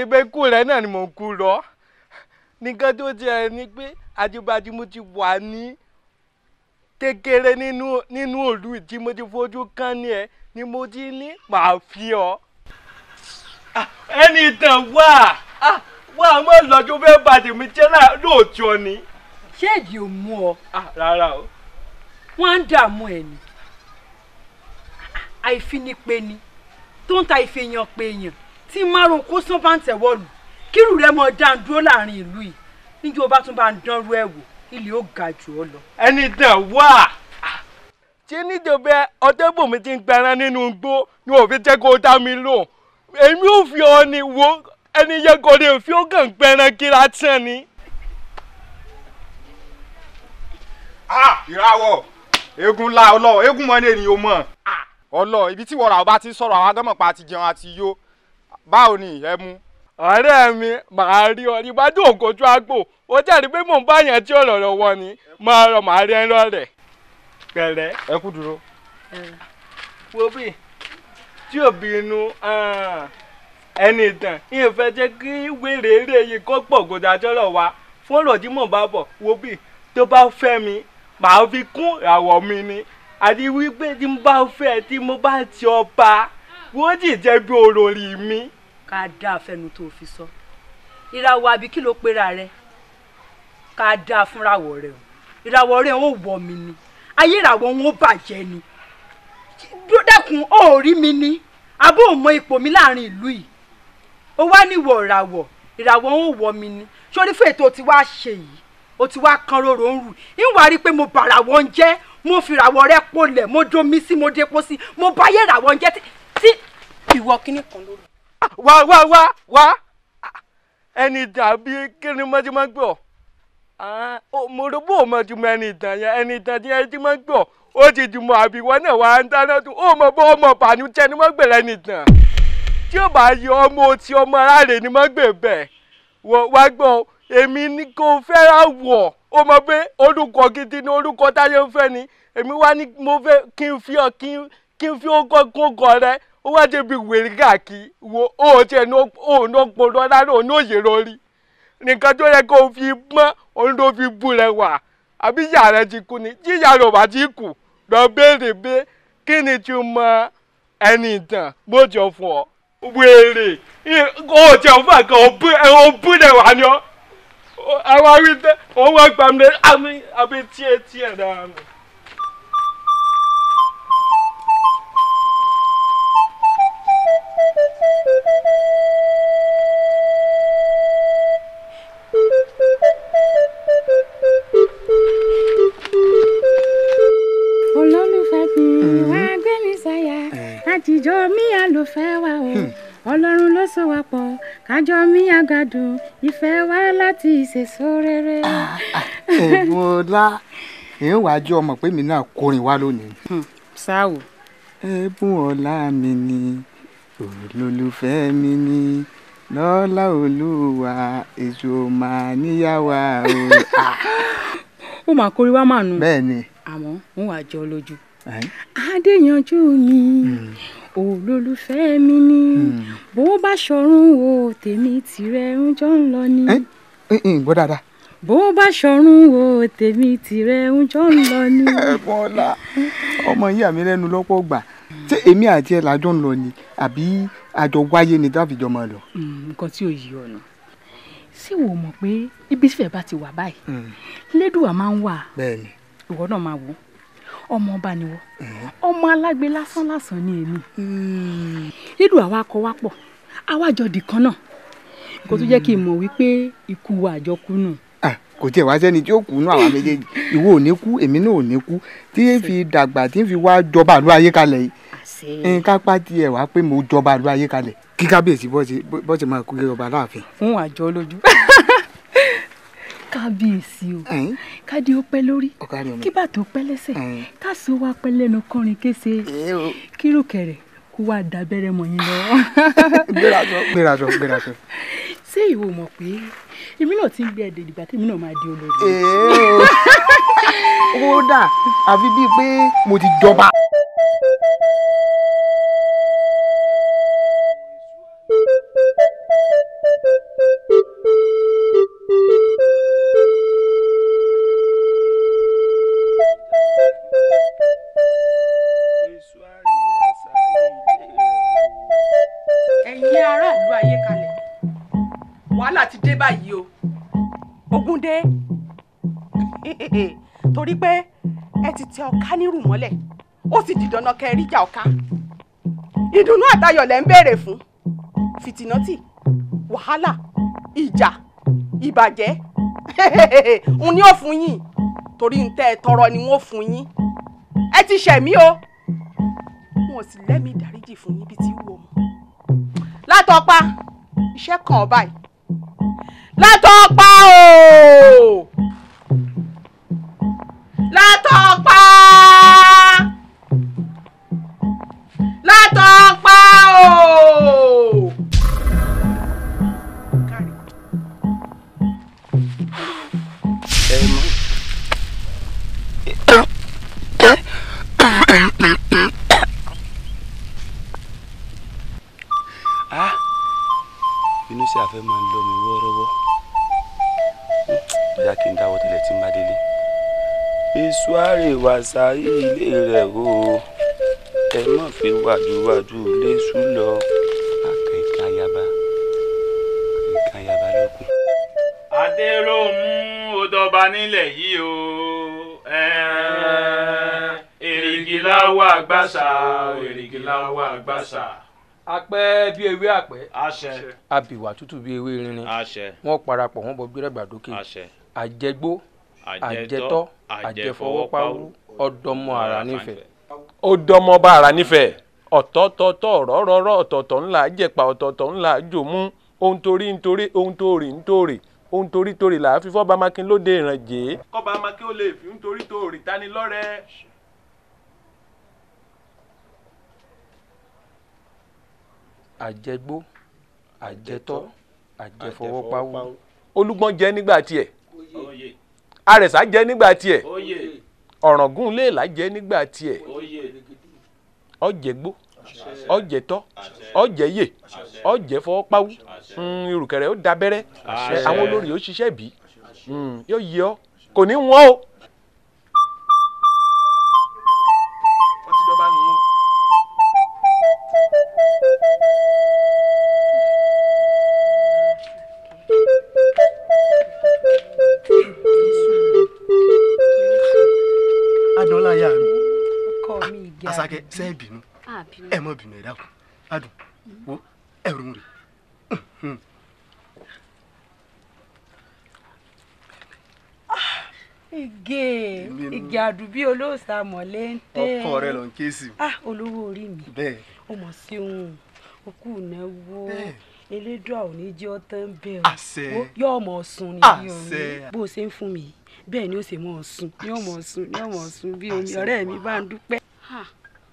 rí pé kú rẹ náà ni mò ń kú lọ nìkan tó jẹ́ ni pé ajibadi mo ti wà ní kékeré nínú nínú òlù tí mo ti fojú kán ni ẹ ni mo ti ní pàfi ọ. Ah, ẹni tàn wá ah, wá mọ lọ́jọ́ fẹ́ bàjẹ́ mi jẹ́ lóòótọ́ ni. ṣé èyí ò mú ọ. Ah, rárá o. wọ́n á ń dààmú ẹ̀ ni àìfinipeni tó ń ta ìfihàn pé èèyàn tí márùn kó sán bá ń tẹ̀wọ́ kírù rẹ mọ dáa dúró láàrin ìlú yìí níjẹ́ o bá tún bá ń dánrú ẹ̀ wò ilé ó ga jù ọ lọ. ẹni dàn wá tí níjọba ọdẹ́bùnmi ti ń gbẹran nínú igbó ni òfin jẹ́ kó dá mi lò èmi ò fi ọ ni wo ẹni yẹ kò lè fi ó kàn gbẹran kí lásán ni. ìràwọ̀ eégún la ọlọ́ eégún mọ́ ní ènìyàn mọ̀ ọlọ́ ibi tí wọ́n rà ọba ti sọ̀rọ̀ àwọn agánmọ̀pá ti jẹun àti yó. o ni ìyẹn mú. ọ̀rẹ́ mi màá rí ọ ní ògójú àgbò ó pé mò ń bá yẹn tí ọ̀rọ̀ rẹ̀ wọ ni máa rọ màá rí ẹ lọ́rẹ̀. pẹ̀lẹ́ ẹ kú dúró. wo bí tí òbí inú ẹni ìtàn jẹ́ kí wèrè eré yìí kó wa fún tí mò ń bá bọ̀ mi màá fi kún ìràwọ̀ mi ni àti wípé tí mo bá mo bá ti ọba wọ́n jẹ́ bí olórí mi. ká dáa fẹnu tó fi sọ ìràwọ̀ àbí kí ló pera rẹ ká dáa fúnrawọ̀ rẹ o ìràwọ̀ rẹ ò wọ̀ mí ni ayé ìràwọ̀ wọn ò bàjẹ́ ni dẹ́kun ó rí mi ni abó ò mọ ipò mi láàrin ìlú yìí ó wá níwọ̀ ìràwọ̀ ìràwọ̀ ò wọ̀ mí ni sórí fún ètò tí wàá ṣe yìí ó ti wá kan rorò ń rù ìwà rí i pé mo bàrà wọn jẹ́ mo fìràwọ̀ rẹ polẹ̀ mo domi sí mo depo sí mo báyé ràwọ̀ jẹ́ tí ìwọ kíní kan ló lọ wá wá wá wá ẹni ìdàn àbí kíni mo ti máa ń gbọ́ mo rò bó mo ti mọ ẹni ìdàn yẹn ẹni ìdàn yẹn ti máa ń gbọ́ ó ti jùmọ̀ àbí wọn náà wà á ń dáná tún ó mọ bó ọmọ bànújẹ́ ni wọ́n gbèrè ẹni ìdàn tí ó bá yọ ọmọ tí ọmọ aráàlè ni wọ́n gbè bẹ́ẹ̀ wá gbọ́ èmi ni kò fẹ́ràn wọ̀ ó mọ pé orúkọ gidi ni orúkọ táyé ń fẹ́ ni èmi wá ní mo fẹ́ kí n fi ọ kí n fi ó kọ́ kó gọ̀ rẹ ó wá jẹ́ wèrè káàkiri wo ó ti ẹ̀ ní ọ̀pọ̀lọ́ rárá òun ní òye lórí nìkan tó yẹ kó o fi mọ́ òun ló fi bú rẹ wà àbí ìyá rẹ ti kú ni tí rẹ ò bá ti kù lọ béèrè pé kí ni tí o mọ ẹni ìtàn bó jọ fún ọ wèrè ó ti ọ̀fọ̀ kan ó bú rẹ wà ni ọ àwọn awí tẹ òun àbí tiẹ̀ tiẹ̀ dára Mm-hmm. wá gbé mi sáyà eh. àtijọ́ mi à ló fẹ́ wá o hmm. ọlọ́run ló so wa pọ̀ kájọ mi àgàdùn ìfẹ́ ah, ah, ah. wá láti ìṣèṣọ rere. oògùn ọlá èyí wájú ọmọ pé mi náà kọrin wá lónìí. Hmm. sáwò. ẹ̀bùn ọlá mi ni olólùfẹ́ mi ni lọ́lá olúwa èso máa níyàwó o. ó máa kórìíwá màánù. bẹ́ẹ̀ ni. àmọ́ ń wàá jọ lójú adéyanjú mi olólùfẹ́ mi ni hmm. bó bá ṣọ̀run o tèmi tìrẹ ń jọ ń lọ ni. Eh, eh, eh, gbọ́ dáadáa. bó bá ṣọ̀run o tèmi tìrẹ ń jọ ń lọ ni. ẹ̀bùn ọ̀la ọmọ yìí àmì lẹ́nu lọ́pọ̀ gbà ṣé èmi àti ẹ̀ lájọ ń lọ ni àbí àjọ wáyé ni dábìjọ máa lọ. Hmm, nǹkan tí ò yí ọ̀nà ṣé wò mọ̀ pé ibi tífẹ̀ bá ti wà báyìí hmm. lẹ́dùn à máa ń wà ìwọ náà máa wò ó ọmọ ọba nìwọ eh. ọmọ alágbe lásán lásán ni èmi hmm. lílù àwa kọ wá pọ̀ àwa jọ dì kan náà kó tó jẹ́ kí n hmm. mọ̀ wípé ikú wa àjọkú nù. Ah, kò tiẹ̀ wá sẹ́ni tí ó kú nú àwa méjèèjì ìwọ ò ní kú èmi náà ò ní kú tí ń fi dàgbà tí ń fi wá jọba àlú ayé kalẹ̀ yìí nǹkan pa tiẹ̀ wá pé mo jọba àlú ayé kalẹ̀ kí kábíyèsí bọ́ọ̀sì máa kú gẹ́gẹ́ ọba láàfin. fún àjọ lójú kábíyèsí o káde ó pẹ́ lórí kíbà tó pẹ́ lẹ́sẹ̀ káàsó wa pẹ́ lẹ́nu kọrin kése kírùkẹ̀rẹ̀ kó wá dábẹ́rẹ́ mọ́ yín lọ́wọ́. gbéraṣọ gbéraṣọ gbéraṣọ. ṣé ìwọ mọ̀ pé èmi náà ti ń gbé ẹ̀dẹ̀ ìdìbà tèmi náà máa di olórí. ó dà àfi bíi pé mo ti jọba. Thank you. lé aráàlú ayé kalẹ̀ wàhálà ti dé báyìí o. ogun dé torí pé ẹ ti tẹ ọ̀ká nírù mọ́lẹ̀ ó sì di dandan kẹ́ ẹ ríjà ìdùnnú àtayọ̀ lẹ́ ń béèrè fún fìtínátì wàhálà ìjà ìbàjẹ́ n ní ò fún torí ń tẹ́ ẹ tọrọ ni wọ́n fún yín ẹ ti ṣẹ̀mí o wọn sì lẹ́mìí dáríjì fún yín bí ti wù látọ̀pá iṣẹ́ kan ọ̀ báyìí látọ̀pá ooo látọ̀pá látọ̀pá ooo. sí àfẹ́ máa ń lọ mi wọ́ọ́rọ́wọ́ hmm, bóyá kí n dáwọ́ tẹ́lẹ̀ tí n bá délé. èso àárẹ̀ wà sáyé ilé rẹ̀ o ẹ má fi wàdúwàdú léṣu lọ akẹ́kẹ́ ayaba akẹ́kẹ́ ayaba lọ́kùn. adéròmù ó dọba nílẹ̀ yìí o èrìgì láwọ àgbàṣà èrìgì láwọ àgbàṣà apẹ́ bí ewé àpẹ́. àṣẹ. abìwà tútù bí ewé rinrin. àṣẹ. wọ́n parapọ̀ wọ́n bọ gbẹ́rẹ́gbà àṣẹ. àjẹgbó àjẹtọ́ àjẹfọwọ́pawú ọ̀dọ́mọ ara nífẹ̀ẹ́. ọ̀dọ́mọ bá ara nífẹ̀ẹ́ ọ̀tọ̀ọ̀tọ̀ rọ́rọ́rọ́ ọ̀tọ̀ọ̀tọ̀ ńlá jẹ̀pà ọ̀tọ̀ọ̀tọ̀ ńlá jòmú ohun torí nítorí ohun torí nítorí ohun torí torí làá fífọ́ bá mákin lóde ìrànjẹ́. kọ́ba mákin ó lè fi ń torí torí tani lọ́rẹ́. àjẹgbó àjẹtọ́ àjẹfọwọ́páwó olúgbọ́n jẹ nígbà tiẹ̀ àrẹ̀sà jẹ nígbà tiẹ̀ ọ̀ràngún léèlà jẹ nígbà tiẹ̀ ọ̀jẹ̀gbó ọ̀jẹ̀tọ́ ọ̀jẹ̀yè ọ̀jẹ̀fọwọ́páwó irùkẹ̀rẹ̀ hmm, ó dabẹ́rẹ́ àwọn olórí ó ṣiṣẹ́ bí hmm, yóò yẹ ọ́ kò ní wọ́n o. dákẹ́ sẹ ẹ bínú ẹ mọ bínú ẹ dákun adùn wo ẹrù rè ige ige àdùbí olóòsà mọ̀lẹ́ ń tẹ́ ọkọ rẹ lọ ń ké sí. ah olówó orí mi bẹ́ẹ̀ o mọ̀ sí òun òkú ìnáwó elédùà ò ní jẹ́ ọtán bẹ́ẹ̀ o yóò mọ̀ sùn ní bí orin bó o ṣe ń fún mi bẹ́ẹ̀ ni ó ṣe mọ̀ sùn yóò mọ̀ sùn yóò mọ̀ sùn bí omi ọ̀rẹ́ mi bá ń Ah,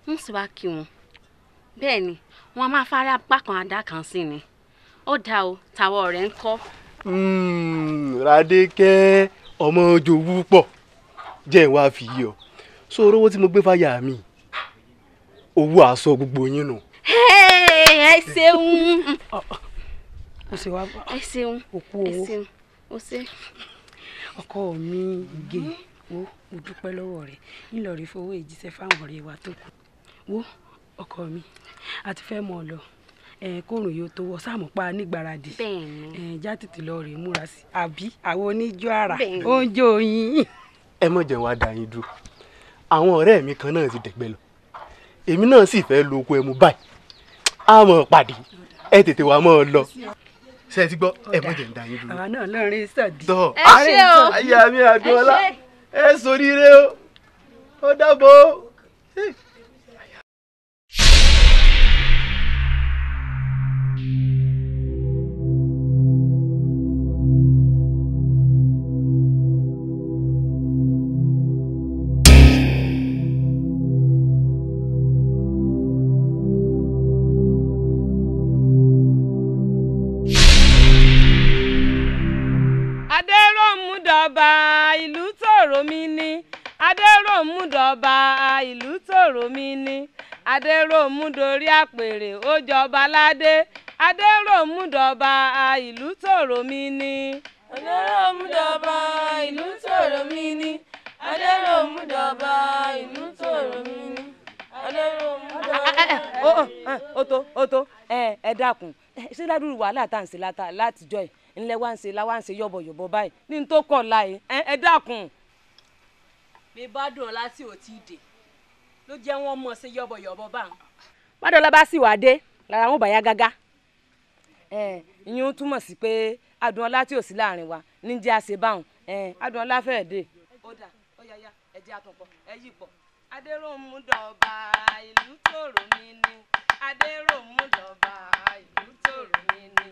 ń sì wá kí wọn bẹ́ẹ̀ ni wọn máa fara apá kan adá kan sí ni ó dáa o tàwọn ọ̀rẹ́ ń kọ́. Hmm, Rádékẹ́ ọmọ jòwú pọ̀ jẹ́ ìwà fìyí ọ so orówó tí mo gbé fáyà mi owó aṣọ gbogbo yín nù. ẹ ṣeun ẹ ṣeun òkú owó ó ṣe. ọkọ mi gé o mo dúpẹ́ lọ́wọ́ rẹ̀ ńlọrọ̀ ìfowó ìjíṣẹ́ fáwọn ọ̀rẹ́ wa tó kù wo ọkọ mi àti fẹ́ mọ̀ lọ kóòrùn yóò tó wọ sáàmù pa nígbàradì já tètè lọ rèé múra sí àbí àwọn oníjó ara oúnjẹ oyin. ẹ mọ̀ jẹ́ wá dá yín dúró àwọn ọ̀rẹ́ mi kan náà ti dẹ̀gbẹ́ lọ èmi náà sì fẹ́ lo oko ẹmu báyìí á mọ̀ pàdé ẹ tètè wá mọ̀ ọ lọ ṣe ti gbọ́ ẹ mọ̀ jẹ́ ń dá yín dúró. àwọn náà lọ́rin sọ̀dí. tọ́ ẹ ayé mi àdúrà ẹ sọ rírẹ o ó dàbọ̀ o. adéròmù dọba ìlú tòrò mi ni adéròmù dorí àpèrè ó jọba ládé adéròmù dọba ìlú tòrò mi ni. adéròmù dọba ìlú tòrò mi ni adéròmù dọba ìlú tòrò mi ni adéròmù dọba. ó tó ó tó ẹ dákun ṣé ládùúrú wàhálà tá à ń ṣe látijọ́ ẹ̀ ńlẹ́ wá ń ṣe láwá ń ṣe yọ̀bọ̀yọ̀bọ̀ báyìí ní n tó kọ̀ láyé ẹ dákun. mi bá dùn láti òtí dè ló jẹ́ wọ́n mọ̀ sí yọ̀bọ̀yọ̀bọ̀ báwọn. bádọ́lá bá sì wá lára sí pé ò sí wa níjẹ́ àṣẹ báwọn adùnọlá mi ni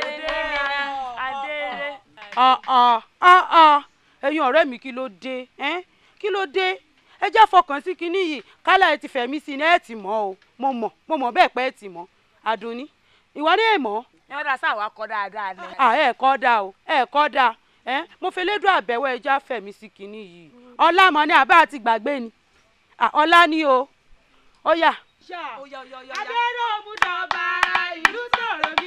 ẹ̀yin ọ̀rẹ́ mi kí ló dé kí ló dé ẹ já fọkàn sí kinní yìí kálá ẹ ti fẹ̀mí sí ni ẹ ti mọ̀ o mo mọ̀ mo mọ̀ bẹ́ẹ̀ pé ẹ ti mọ̀ àdùnní ìwọ ni ẹ mọ̀. ẹ ọ̀dà sáà kọ́ dáadáa ni. ẹ kọ́ dáa o ẹ kọ́ dáa mo fi lédùn àbẹ̀wò ẹ já fẹ̀mí sí kinní yìí ọlá mọ̀ ni àbá àti gbàgbé ni ọlá ni o ó yà. abẹ́rẹ́ òmùdọ̀ọ̀bà ìlú sọ̀rọ̀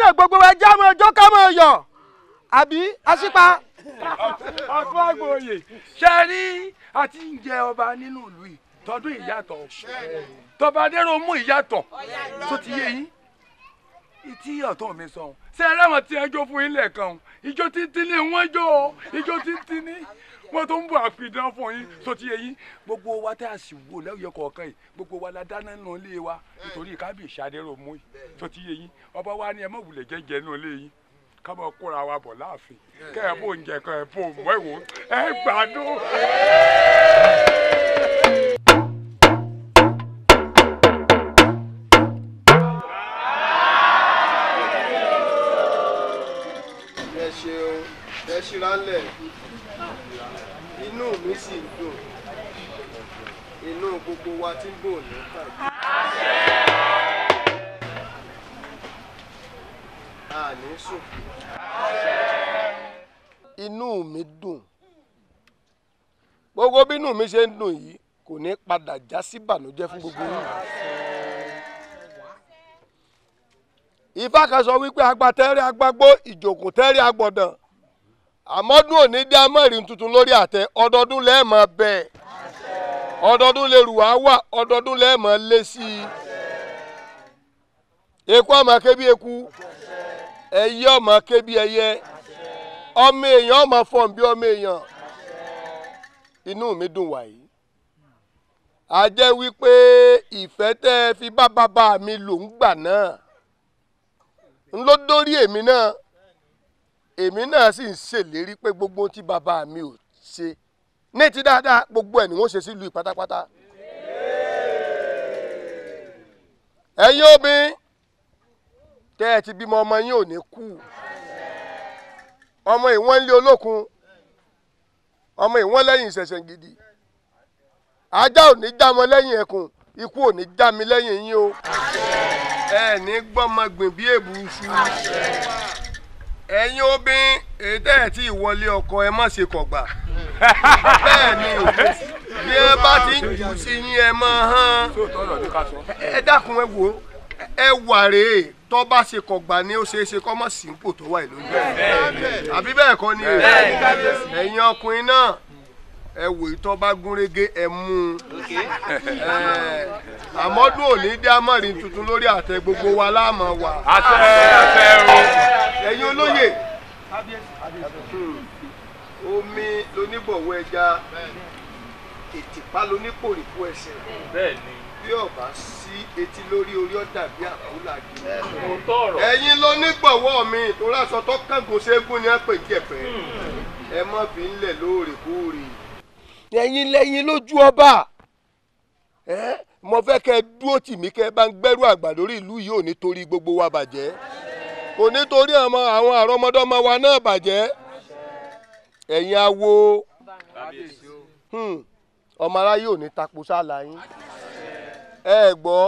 náà gbogbo wa já mọ ọjọ́ ká mọ yọ àbí aṣípa. ọtún àgbòye ṣe rí àti ń jẹ ọba nínú ìlú yìí tọdún ìyàtọ̀ tọba adéró mú ìyàtọ̀ tó ti yé yín tí ọ̀tọ̀ mi sọ ṣe é tí ẹjọ́ fún yín lẹ́ẹ̀kan ijó títí ni wọ́n jó ijó títí ni wọn tó ń bọ àfidán fún yín tó ti gbogbo wa tá a sì wò lẹ́yìn kọ̀ọ̀kan yìí gbogbo wa la dáná nù lé wa nítorí kábíyèsí adéròmú yìí tó ti ọba wa ni ẹ má wulẹ̀ jẹ́jẹ́ nù lé yín ká kóra wa bọ̀ láàfin kẹ́ ẹ bó ń jẹ kan ẹ bó ń wẹ̀ wò ẹ gbádùn. ẹ ṣeun ẹ ṣíra ńlẹ̀ inú mi sì ń dùn inú gbogbo wa tí ń bò ní bàjẹ́ àní sùn. inú mi dùn gbogbo bínú mi ṣe ń dùn yìí kò ní padà já sí bànújẹ́ fún gbogbo yìí. ifá kan sọ wípé agbatẹ́rẹ́ agbágbó ìjòkùn tẹ́rẹ́ agbọ̀dàn àmọ́dún òní dá mọ́rin tuntun lórí àtẹ ọdọọdún lẹ́ẹ̀mọ́ bẹ́ẹ̀ ọdọọdún lẹ́rù wá wà ọdọọdún lẹ́ẹ̀mọ́ lé sí i eku ọmọ kébí eku ẹyẹ ọmọ kébí ẹyẹ ọmọ èèyàn ọmọ fọ̀n bí ọmọ èèyàn inú mi dùn wàyí a wípé ìfẹ́ tẹ́ fi bá bàbá mi lò ń gbà náà ń dórí èmi náà. èmi náà sì ń ṣèlérí pé gbogbo tí bàbá mi ò ṣe ní ti dáadáa gbogbo ẹ̀ ni wọ́n ṣe sílùú pátápátá. ẹ̀yin obìnrin tẹ́ ẹ ti bímọ ọmọ yín ò ní kú ọmọ ìwọ́n ń lé olókun ọmọ ìwọ́n lẹ́yìn ìṣẹ̀ṣẹ̀ gidi ajá ò ní já mọ́ lẹ́yìn ẹkùn ikú ò ní já mi lẹ́yìn yín o ẹ ní gbọ́mọ gbìn bí èbùsù. ẹ̀yin obìnrin ètò ẹ̀ tí ìwọlé ọkọ ẹ má ṣe kọ̀gbà bẹ́ẹ̀ ni bí ẹ bá ti ń jù sí yín ẹ mọ̀ hán ẹ dákun ẹ wò ẹ wà rèé tó bá ṣe kọ̀gbà ni ó ṣeé ṣe kọ́ mọ̀ sí ipò tó wà ìlú yìí àbí bẹ́ẹ̀ kọ́ ni èyí ẹ̀yin ọkùnrin náà ẹ wò ìtọ́ bá gúnrégé ẹ mú un àmọ́dún òní dé amọ̀rin tuntun lórí àtẹ gbogbo wa láàmú wa. ẹ̀yin olóyè hmm. omi loníbọ̀wọ́ ẹja ètìpá lonípòrìpò ẹsẹ̀ bí ọba sí etí lórí orí ọ̀dà bí àkúlà gidi. ẹ̀yin lonígbọ̀wọ́ mi tó rásọ tó kángun ṣẹ́gun ni wọ́n pè jẹ̀pẹ̀ hmm. ẹ mọ́ fi ń lẹ̀ lóòrèkóòrè. ẹ̀yin lẹ́yìn lójú ọba mo fẹ́ kẹ́ ẹ dúró tì mí kẹ́ bá ń gbẹ́rù àgbà lórí ìlú yìí ò nítorí gbogbo wa bàjẹ́ kò nítorí àwọn àrọmọdọmọ wa náà bàjẹ́ ẹ̀yin awo hmm, ọmọ aráyé ò ní tapo sáàlà yín ẹ gbọ́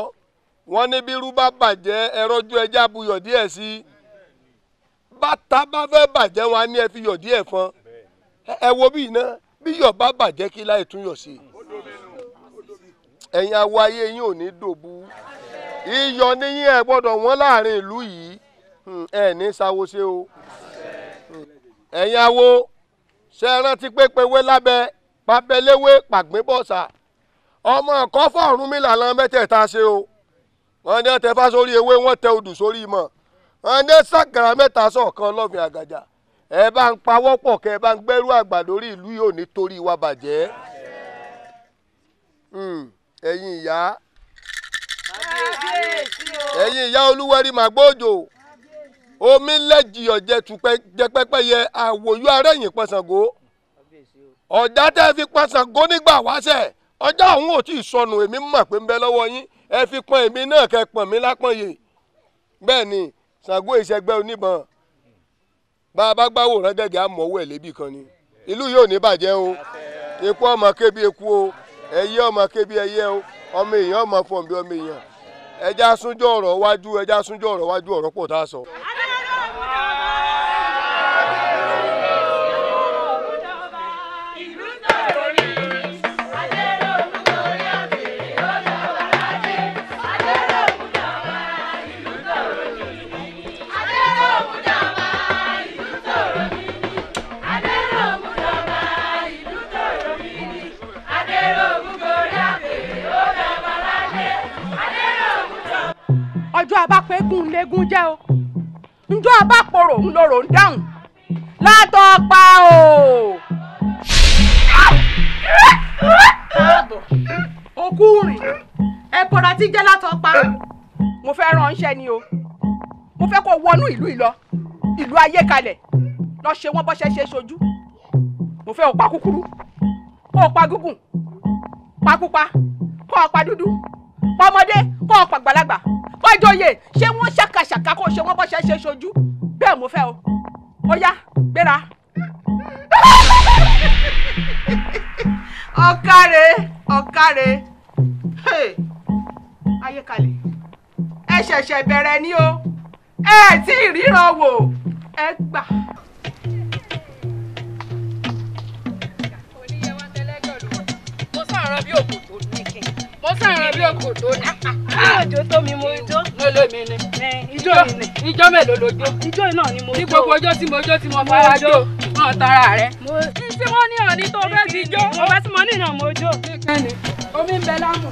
wọ́n ní bí irú bá bàjẹ́ ẹ rọ́jú ẹja buyọ̀ díẹ̀ sí i bàtà bá fẹ́ bàjẹ́ wọn á ní ẹ fi yọ̀ díẹ̀ fọn ẹ wo bí iná bí yọ̀ bá bàjẹ́ kí láì tún yọ̀ sí ẹ̀yin awo ayé yín ò ní dòbu iyọ̀ níyìn ẹ̀ gbọ́dọ̀ wọ́n láàrin ìlú yìí hmm, ẹ̀ ní sawo ṣe o hmm, ẹ̀yin awo ṣe rántí pépéwé lábẹ́ pàbẹ́léwé pàgbébọ̀sà ọmọ ẹ̀kọ́ fọ̀ọ̀rún mi lànà mẹ́tẹ̀ẹ̀ta ṣe o wọ́n ní ọ̀tẹ̀ fásórí ewé wọ́n tẹ odù sórí ìmọ̀ wọ́n ní sàgàrà mẹ́ta sọ̀kan lọ́fìn àgàjà ẹ bá ń pawọ́pọ̀ kẹ́ ẹ bá ń gbẹ́rú àgbà lórí ìlú yóò nítorí wa bàjẹ́ hmm, ẹ̀yin ìyá ẹ̀yin ìyá olúwẹ̀rí omi lẹ́jìyọ̀ jẹ pẹ́pẹ́yẹ àwòyú arẹ́yìn pọ̀sàngó ọ̀dà tẹ́ fi pọ̀sàngó nígbà wáṣẹ̀ ọjọ́ àwọn ò tí ì sọnù èmi mọ̀ pé ń bẹ lọ́wọ́ yín ẹ fi pọn èmi náà bá a bá gbáwòrán gẹ́gẹ́ àmọ́wọ́ ẹ̀ lébì kan ni ìlú yóò ní bàjẹ́ o ikú ọmọ kébi eku o ẹyẹ ọmọ kébi ẹyẹ o ọmọ èèyàn ọmọ fọ̀nbí ọmọ èèyàn ẹja súnjọ́ ọ̀rọ̀ wájú ẹja súnjọ́ ọ̀rọ̀ wájú ọ̀rọ̀ pọ̀ tá a sọ. ọjọ́ abápẹ́gùn légún jẹ́ o njọ́ abáporò ń ń dáhùn látọ̀ o. òkú rìn ẹ̀kọ́ra tí jẹ́ látọ̀ pa mo fẹ́ ránṣẹ́ ni o mo fẹ́ kó wọnú ìlú ìlọ ìlú ayé kalẹ̀ lọ́ọ́ ṣe wọ́n bọ́ṣẹ́ ṣe ṣojú mo fẹ́ òpa kúkúrú kó o pa gúngùn pa pupa kó o pa dúdú pọmọdé kọ́ ọ pàgbàlagbà ọjọ́yè ṣé wọ́n ṣàkàṣàkà kó ṣe wọ́n bọ́ ṣe ṣe ṣojú bẹ́ẹ̀ mo fẹ́ o ó yá gbéra. ọ̀kàrẹ̀ ọ̀kàrẹ̀ ayékalẹ̀ ẹ ṣẹ̀ṣẹ̀ bẹ̀rẹ̀ ni o ẹ tí ríran wò ẹ gbà. mo sáà rán bí òkú tó ní kí mo sàrán bí òkòtó ni. ìjọ ah, ah, tó mi mo ijó. mélòó mi ni. ijó mi ni. ijó mélòó ló jó. ijó náà ni mo jó. ní gbogbo ọjọ́ tí mo jó tí mo fara jó náà tara rẹ. tí wọ́n ní ọ̀ní tó fẹ́ ti jó. mo bá tí mo ní ìnà mo jó. omi ń bẹ lámù.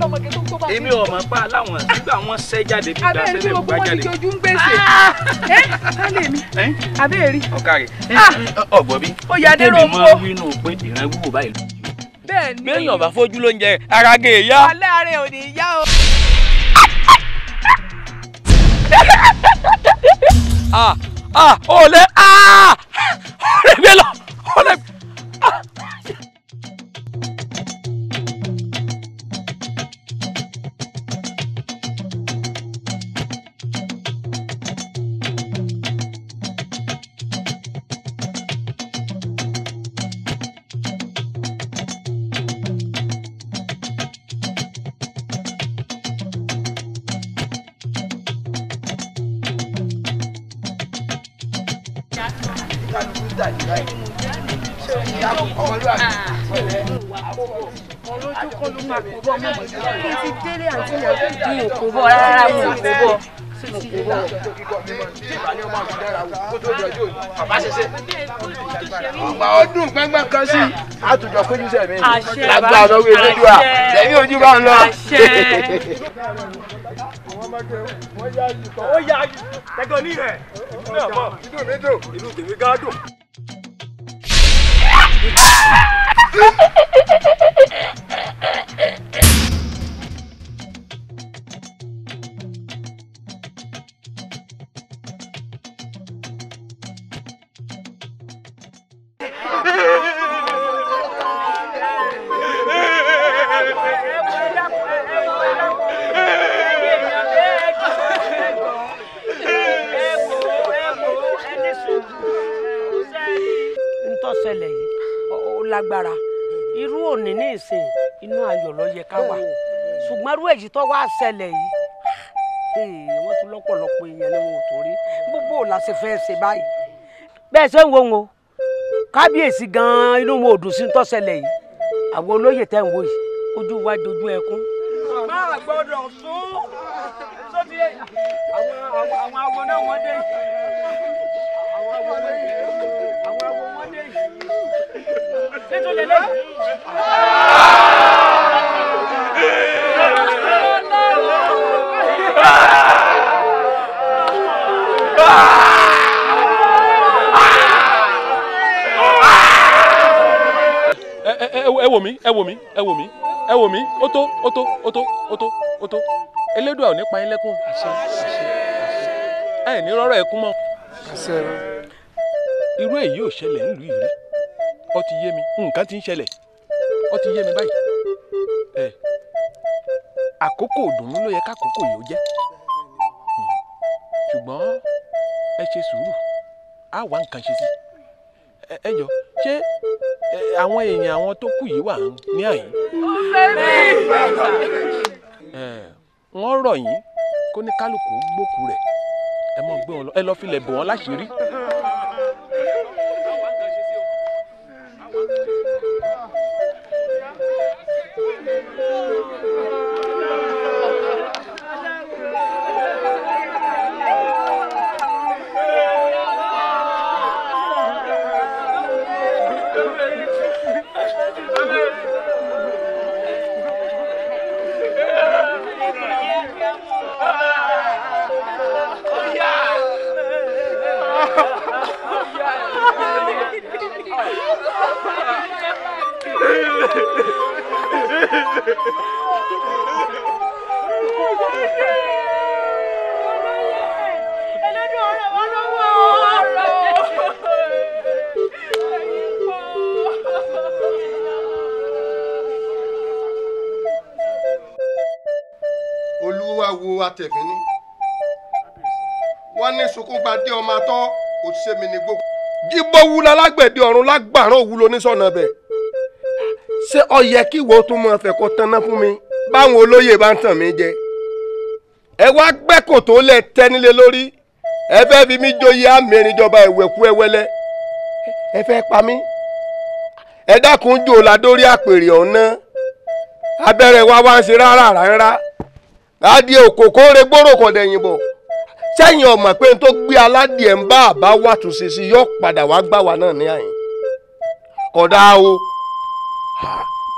lọ́mọge èmi ò pa láwọn nígbà wọ́n sẹ́ jáde bí dá sẹ́lẹ̀ jáde. abẹ́rẹ́ tí mo kó wọ́n ti jojú ń gbèsè. Ah! ẹ kálẹ̀ mi abẹ́rẹ́. ọkà rẹ bí. tèmi máa ń wínú pé ìran wúwo báyìí. bẹ́ẹ̀ni. gbẹ̀yìn ọ̀bà fojú ló ara gé e yá. alẹ́ ara ò ní yá o. ah ah olè ah olè mi lọ olè mi. bọ̀ rárá mo kò bọ̀ ọgbà ọdún gbẹ́ngbẹ́ kan sí àtùjọ péjú sẹ́mi lágbà ọ̀dọ́ wí lójú à lẹ́yìn ojú bá ń lọ. ó yá ẹgbẹ́ ní rẹ̀ náà mọ̀ inú mi dùn inú tèmi gá dùn. yẹ ká wà ṣùgbọ́n irú èyí tó wá ṣẹlẹ̀ yìí eh, wọ́n tún lọ́pọ̀lọpọ̀ èèyàn ni wọn ò tó rí gbogbo ò la ṣe fẹ́ ṣe báyìí bẹ́ẹ̀ ṣe ń wo wọn kábíyèsí gan-an inú wọn ò dùn sí tó ṣẹlẹ̀ yìí àwọn olóyè tẹ̀ ń wo yìí ojú wa dojú ẹkún. máa gbọ́dọ̀ sún sóde àwọn àwọn náà wọ́n dé àwọn àwọn wọ́n dé yìí ẹ wò mí ẹ wò mí ẹ wò mí ẹ wò mí ó tó ó tó ó tó ó tó ó tó Elédùà ò ní pa yín lẹ́kún àṣẹ àṣẹ àṣẹ ẹ ní rọ́rọ́ ẹkún mọ́. àṣẹ rẹ. irú èyí ò ṣẹlẹ̀ nílùú yìí rí ti yé mi nǹkan ti ń ṣẹlẹ̀ ó ti yé mi báyìí àkókò ìdùnnú ló yẹ kákòókò yìí ó jẹ́ hmm. ṣùgbọ́n ẹ ṣe sùúrù á wá nǹkan ṣe sí ẹ jọ ṣé àwọn èèyàn àwọn tó kù yìí wà ní àyín. wọ́n rọ̀ yín kó ní kálukú gbókù rẹ̀ ẹ mọ̀ gbé wọn lọ ẹ lọ filẹ̀ bò wọ́n láṣìírí. tó wú lálágbẹ̀dẹ ọ̀run lágbàrán òwúlo nísọ̀nà bẹ̀ ṣé ó yẹ kí ìwọ tún máa fẹ́ kó tanná fún mi báwọn olóyè bá ń tàn mí jẹ ẹ wá gbẹ́kò tó lẹ̀ tẹ́nilé lórí ẹ fẹ́ fi mí joyè àmẹ́rin ìjọba ìwẹ̀kú ẹwẹ́lẹ́ ẹ fẹ́ pa mí ẹ dákun jò ládórí àpèrè ọ̀nà abẹ́rẹ́ wa wá ń ṣe rárá rárá adìẹ òkòkò rẹ gbòòrò kọ̀dẹ̀yìnbọ̀. sẹ́yìn ọmọ pé n gbé aládìẹ ń àbá wà tún ṣe padà wàá gbà wá náà ní àyìn kódà o.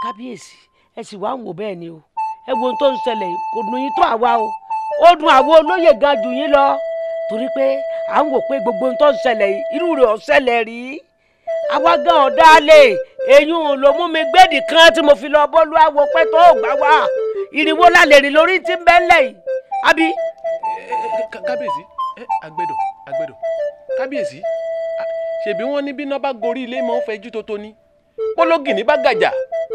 kábíyèsí ẹ sì wá ń wò bẹ́ẹ̀ ni o ẹ wo ohun tó ń kò dùn yín tó àwa o ó dùn àwọn olóyè gan jù yín lọ torí à ń wò pé gbogbo ohun tó ń irú rẹ̀ ṣẹlẹ̀ rí àwa gan lè èyí ò mú mi gbẹ́dì kan tí mo fi lọ àwọ̀ pẹ́ tó àbí. kábíyèsí eh, àgbẹ̀dọ̀ àgbẹ̀dọ̀ kábíyèsí ah, ṣebí wọ́n ní bí iná bá gorí ilé mọ́ fẹjú tótó ni pọ́lọ́gìnì bá gàjà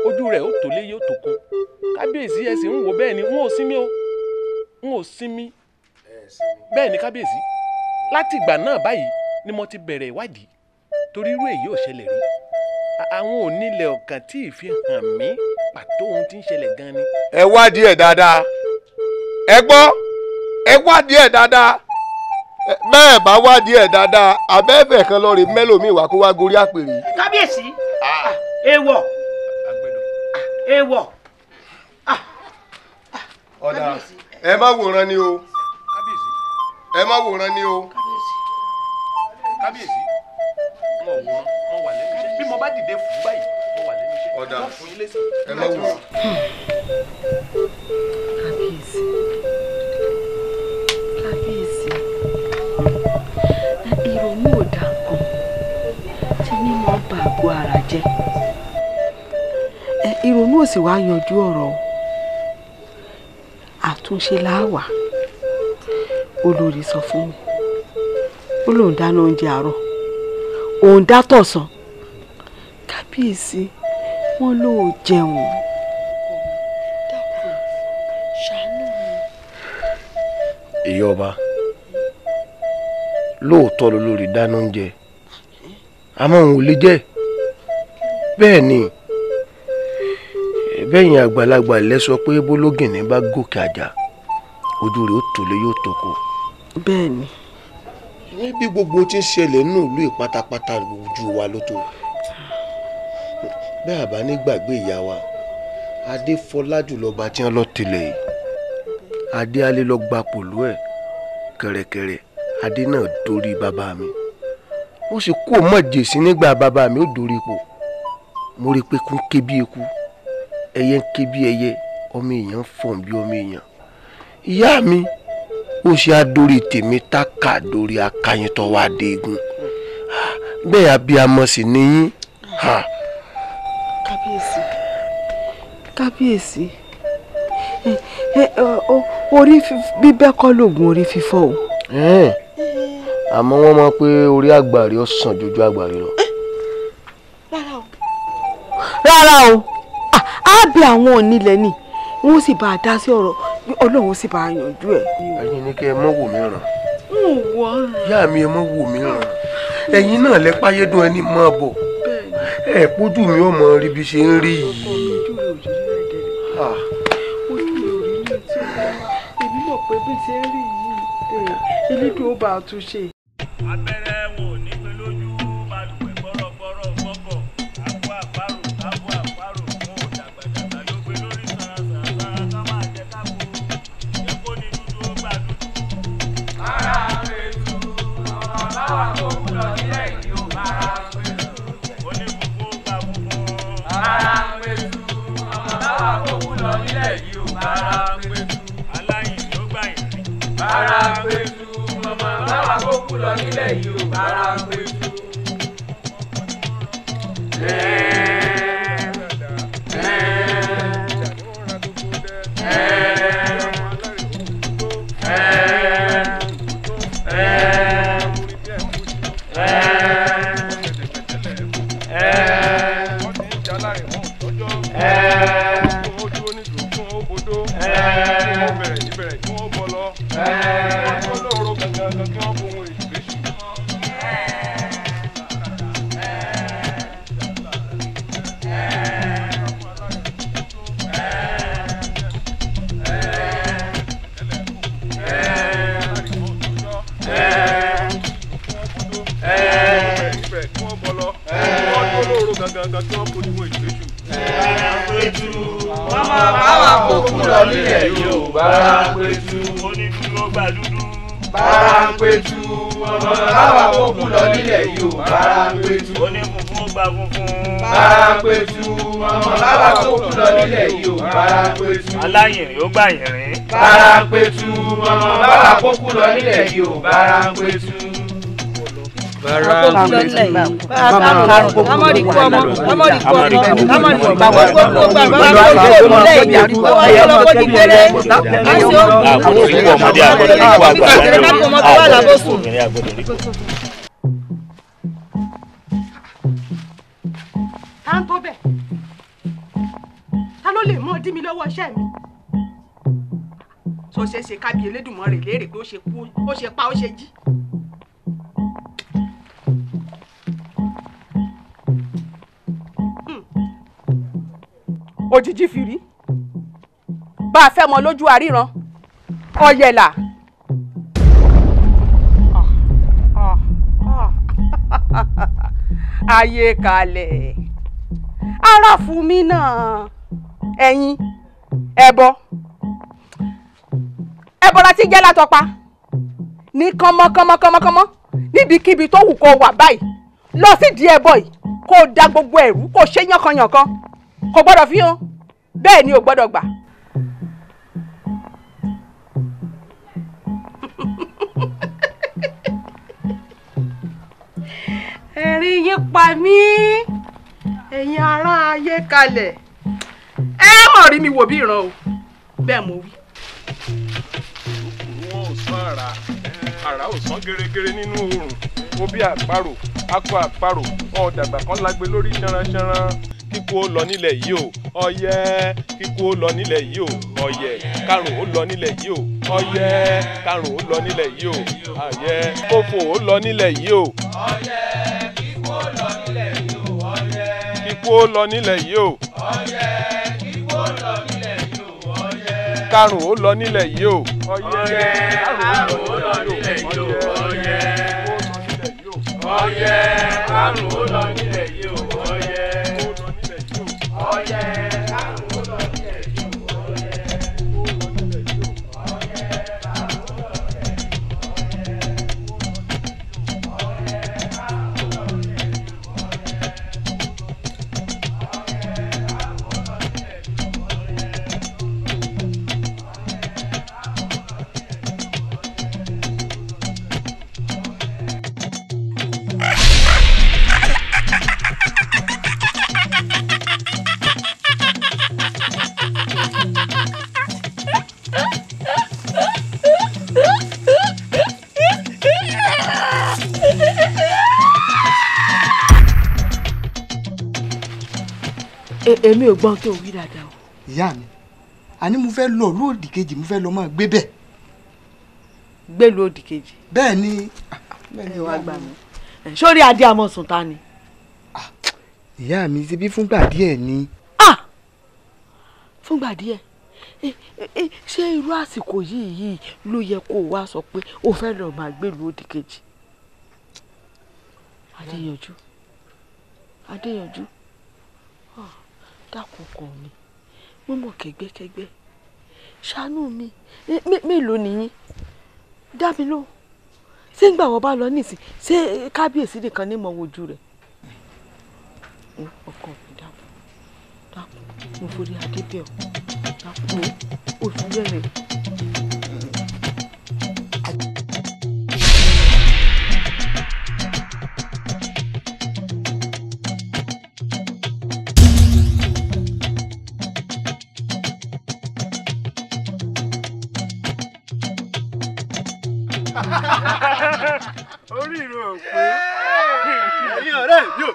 ojú rẹ̀ ó tó lé yóò tó kó kábíyèsí ẹ sì ń wò bẹ́ẹ̀ ni n ò sinmi o n ò sinmi bẹ́ẹ̀ ni kábíyèsí láti ìgbà náà báyìí ni mo ti bẹ̀rẹ̀ ìwádìí torí irú èyí ò ṣẹlẹ̀ rí àwọn onílẹ̀ ọ̀kàn tí ì fi hàn mí pàtó ohun tí ń ṣẹlẹ̀ gan ni. ẹ wádìí ẹ dáadáa ẹ gbọ́ ẹ wádìí ẹ̀ dáadáa bẹ́ẹ̀ bá wádìí ẹ̀ dáadáa abẹ́ẹ̀fẹ̀ kan lọ́ọ́ rè mẹ́lòmíì wá kó wá gorí àpèrè. kábíyèsí ah. Ah, èèwọ̀ ah, èèwọ̀. ọ̀dà ẹ má wòran ni o ẹ má wòran ni o. kábíyèsí wọn wọn wọn wà lẹ́nu iṣẹ́ bí mo bá dìde fún báyìí wọn wà lẹ́nu iṣẹ́ ọ̀dà ẹ má wòran kábíyèsí kábíyèsí ìrònú ò dá nǹkan tí mímọ ba àgọ́ ara jẹ́ ìrònú ò sì wá yanjú ọ̀rọ̀ àtúnṣe láwà olórí sọ fún mi ó lóun dáná oúnjẹ àárọ̀ òun dá tọ̀sán kábíyèsí wọn ló jẹun. èyí ọba lóòótọ́ ló lórí dáná oúnjẹ àmọ́ òun ò lè jẹ́ bẹ́ẹ̀ ni bẹ́yìn àgbàlagbà lẹ sọ pé bólógìnní bá gòkè àjà ojú rẹ̀ ó tòlé yóò tòkò. bẹ́ẹ̀ ni. níbi gbogbo tí ń ṣẹlẹ̀ nínú ìlú ìpátápátá ojú wa ló tó bẹ́ẹ̀ àbá ní ìyá wa adéfọlájú lọ́ba tí wọ́n lọ́ọ́ tilẹ̀ yìí adé alẹ́ lọ gba pòlú ẹ̀ kẹ̀rẹ̀kẹ̀rẹ̀ adé náà dórí bàbá mi ó sì kó mọ̀jẹ̀ sí nígbà bàbá mi ó dórí ipò mo rí i pé kún ké bí eku ẹyẹ ń ké bí ẹyẹ ọmọ èèyàn fọ̀n bí ọmọ èèyàn ìyá mi ó ṣe adórí tèmi táka dórí akayintọ́ wa dé egun bẹ́ẹ̀ abiyamọ sì níyín. kábíyèsí kábíyèsí orí bíbẹ́ kọ́ lóògùn orí fífọ́ o. àmọ́ wọ́n mọ̀ pé orí àgbàre ó sàn jọjọ àgbàre lọ. rárá o á bẹ àwọn onílẹ̀ ni wọ́n sì bá a dá sí ọ̀rọ̀ ọlọ́run sì bá a yanjú ẹ̀. ẹ̀yin ni kẹ́ ẹ mọ̀ wò mí ràn. yá mi ẹ mọ̀ wò mí ràn ẹ̀yin náà lẹ páyédùn ẹni máa bọ̀ ẹ̀ pójú mi ò mọ rí bí ṣe ń rí yìí pé bí ti ń rí yìí eh, elédùn ó bá a tún ṣe. abẹ́rẹ́ wo ni. bára péjú mọ̀mọ́ báwa kó kú lọ nílẹ̀ tó gbà yẹn rìn. bára ń pẹ̀tù mọ̀mọ́ bára kókú lọ nílẹ̀ yìí ò bára ń pẹ̀tù. bára ń pẹ̀tù bára ń pẹ̀tù amọ̀rì kú ọmọ amọ̀rì kú ọmọ amọ̀rì kú ọmọ gbogbo gbogbo àbára gbogbo gbogbo lẹ́yìn ìyàwó ọlọ́wọ́ ti gbélé àṣọ àwọn ọmọdé àgbọ̀dọ̀ bí Elédùmarè léèrè pé ó ṣe kú ó ṣe pa ó ṣe jí. Hmm. òjijì fìrí bá a fẹ́ mọ lójú àríran ọ̀yẹ̀là. ayé kalẹ̀ ara fún mi náà ẹ̀yin ẹ̀bọ. E ẹbọra tí jẹ́ látọpa ní kánmọ́kánmọ́kánmọ́kánmọ́ níbikíbi tó wù kó wà báyìí lọ sí di ẹbọ yìí kó da gbogbo ẹ̀rú kó ṣe yánkanyànkan kò gbọ́dọ̀ fi hàn bẹ́ẹ̀ ni ò gbọ́dọ̀ gbà. ẹ̀rín yín pa mí ẹ̀yin ará ayé kalẹ̀ ẹ mọ̀ rí mi wò bí ìran o bẹ́ẹ̀ mo wí àrà àrà ò sán gẹ́rẹ́gẹ́rẹ́ nínú oòrùn ó bí àparò akọ àparò wọn ò dàgbà kan lágbe lórí ṣanranṣanran kíkú ó lọ nílẹ̀ yìí o ọyẹ kíkú ó lọ nílẹ̀ yìí o ọyẹ karùn ó lọ nílẹ̀ yìí o ọyẹ karùn ó lọ nílẹ̀ yìí o ayẹ kófò ó lọ nílẹ̀ yìí o ọyẹ kíkú ó lọ nílẹ̀ yìí o ọyẹ kíkú ó lọ nílẹ̀ yìí o ọyẹ kíkú ó lọ nílẹ̀ yìí o karùn ó lọ nílẹ̀ yìí o. ọyẹ karùn ó lọ nílẹ̀ yìí o. ọyẹ karùn ó lọ nílẹ̀ yìí o. èmi ò gbọ́n tó wí dáadáa o. ìyá mi àní mo fẹ́ lọ lóòdì kejì mo fẹ́ lọ máa gbé bẹ́ẹ̀. gbé lóòdì kejì. bẹ́ẹ̀ ni. ẹ wá gbà mí sórí adé amọ̀sùn ta ni. ìyá mi ṣe bí fúngbà díẹ̀ ni. ah fúngbà díẹ̀ ṣé irú àsìkò yìí yìí ló yẹ kó o wá sọ pé o fẹ́ lọ máa gbé lóòdì kejì. adéyanjú adéyanjú dákun kàn mí mímọ̀ kẹ́gbẹ́kẹ́gbẹ́ ṣàánú mi mélòó nìyí dá mi lóhùn ṣé ń gbà wọ́n bá lọ nísìn ṣé kábíyèsí nìkan ní mọ̀ wojú rẹ̀ ọkọ mi dákun dákun mo forí adé bẹ́ẹ̀ dákun o ò fi yẹ̀rẹ̀. orí ìró òpè. ẹ̀yin ọ̀rẹ́ mi ò.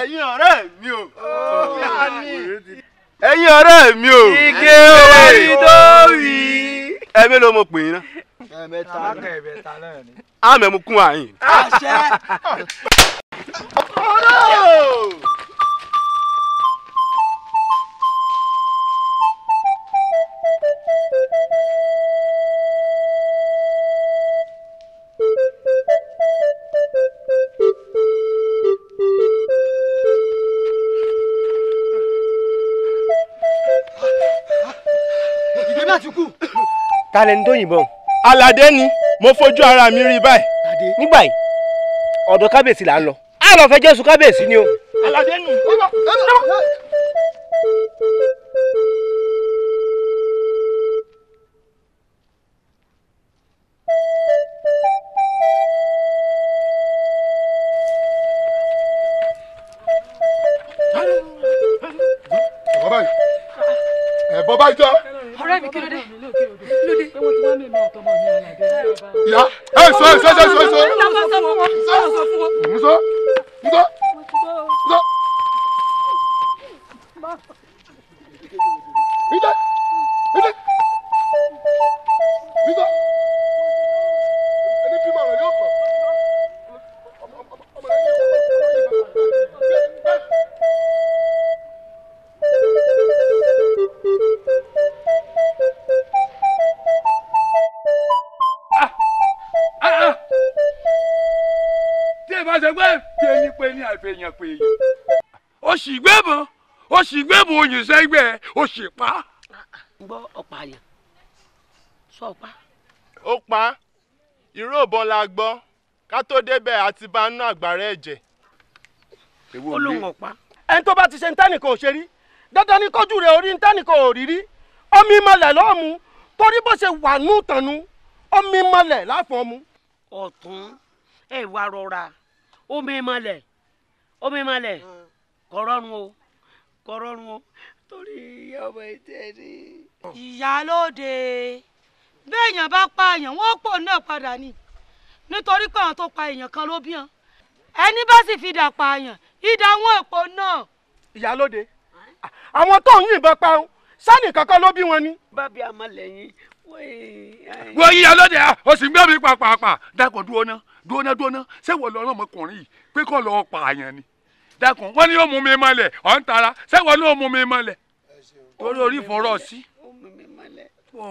ẹ̀yin ọ̀rẹ́ mi ò. ẹ̀yin ọ̀rẹ́ mi ò. ike orí dórí. ẹ mélòó mo pè yín náà. ẹ̀mẹ́ta náà ni. kún àyìn. àṣẹ. ọ̀rọ̀. ta lẹni tó yìnbọn. aládé ni mo fojú ara mi rí báyìí. nígbà yìí ọ̀dọ̀ kábíyèsí là ń lọ. a lọ fẹ́ jésù kábíyèsí ni o. aládé ni. lóde. ó sì gbé bò oyin sẹ́gbẹ́ ó sì pa. gbọ́ ọ̀pá yẹn sọ ọ̀pá. ó pa ìró ìbọn la gbọ́ ká tó débẹ̀ àti bá nú àgbàrá ẹ̀jẹ̀. ó lóun ọ̀pá. ẹni tó bá ti ṣe ń tẹ́nìkan ò ṣe rí dandan ni kójú rẹ̀ orí ń tẹ́nìkan ò rí rí omi mọlẹ̀ lọ́ọ̀mù torí bó ṣe wà nù tànù omi mọlẹ̀ láfọ̀ọ́ mu. ọ̀tún ẹ̀ wá rọra omi mọlẹ̀ omi mọlẹ̀ mm. kọ̀ rọrùn o kọrọrun o torí ìyá ọmọ ẹ̀jẹ̀ ni. ìyálóde béèyàn bá pa èèyàn wọn pò náà padà ni nítorí pé àwọn tó pa èèyàn kan ló bí wọn ẹni bá sì fi dà pa èèyàn ìdá wọn èpo náà. ìyálóde àwọn tó ń yìnbọn pa ọ sani kankan ló bí wọn ni. bábí àmọ lẹ́yìn wọ́n yíya lóde à ó sì ń gbé mi pàápàá dákọ̀ dúró ná dúró ná dúró ná ṣé wọ́n lọ ọlọ́mọkùnrin yìí pé kó lọ́ọ́ pààyàn ni dákun wọ́n ní yóò mú mi mọ́lẹ̀ ọ̀ ń tara sẹ́wọ̀n ní yóò mú mi mọ́lẹ̀ torí orí ìfọ̀rọ̀ sí ó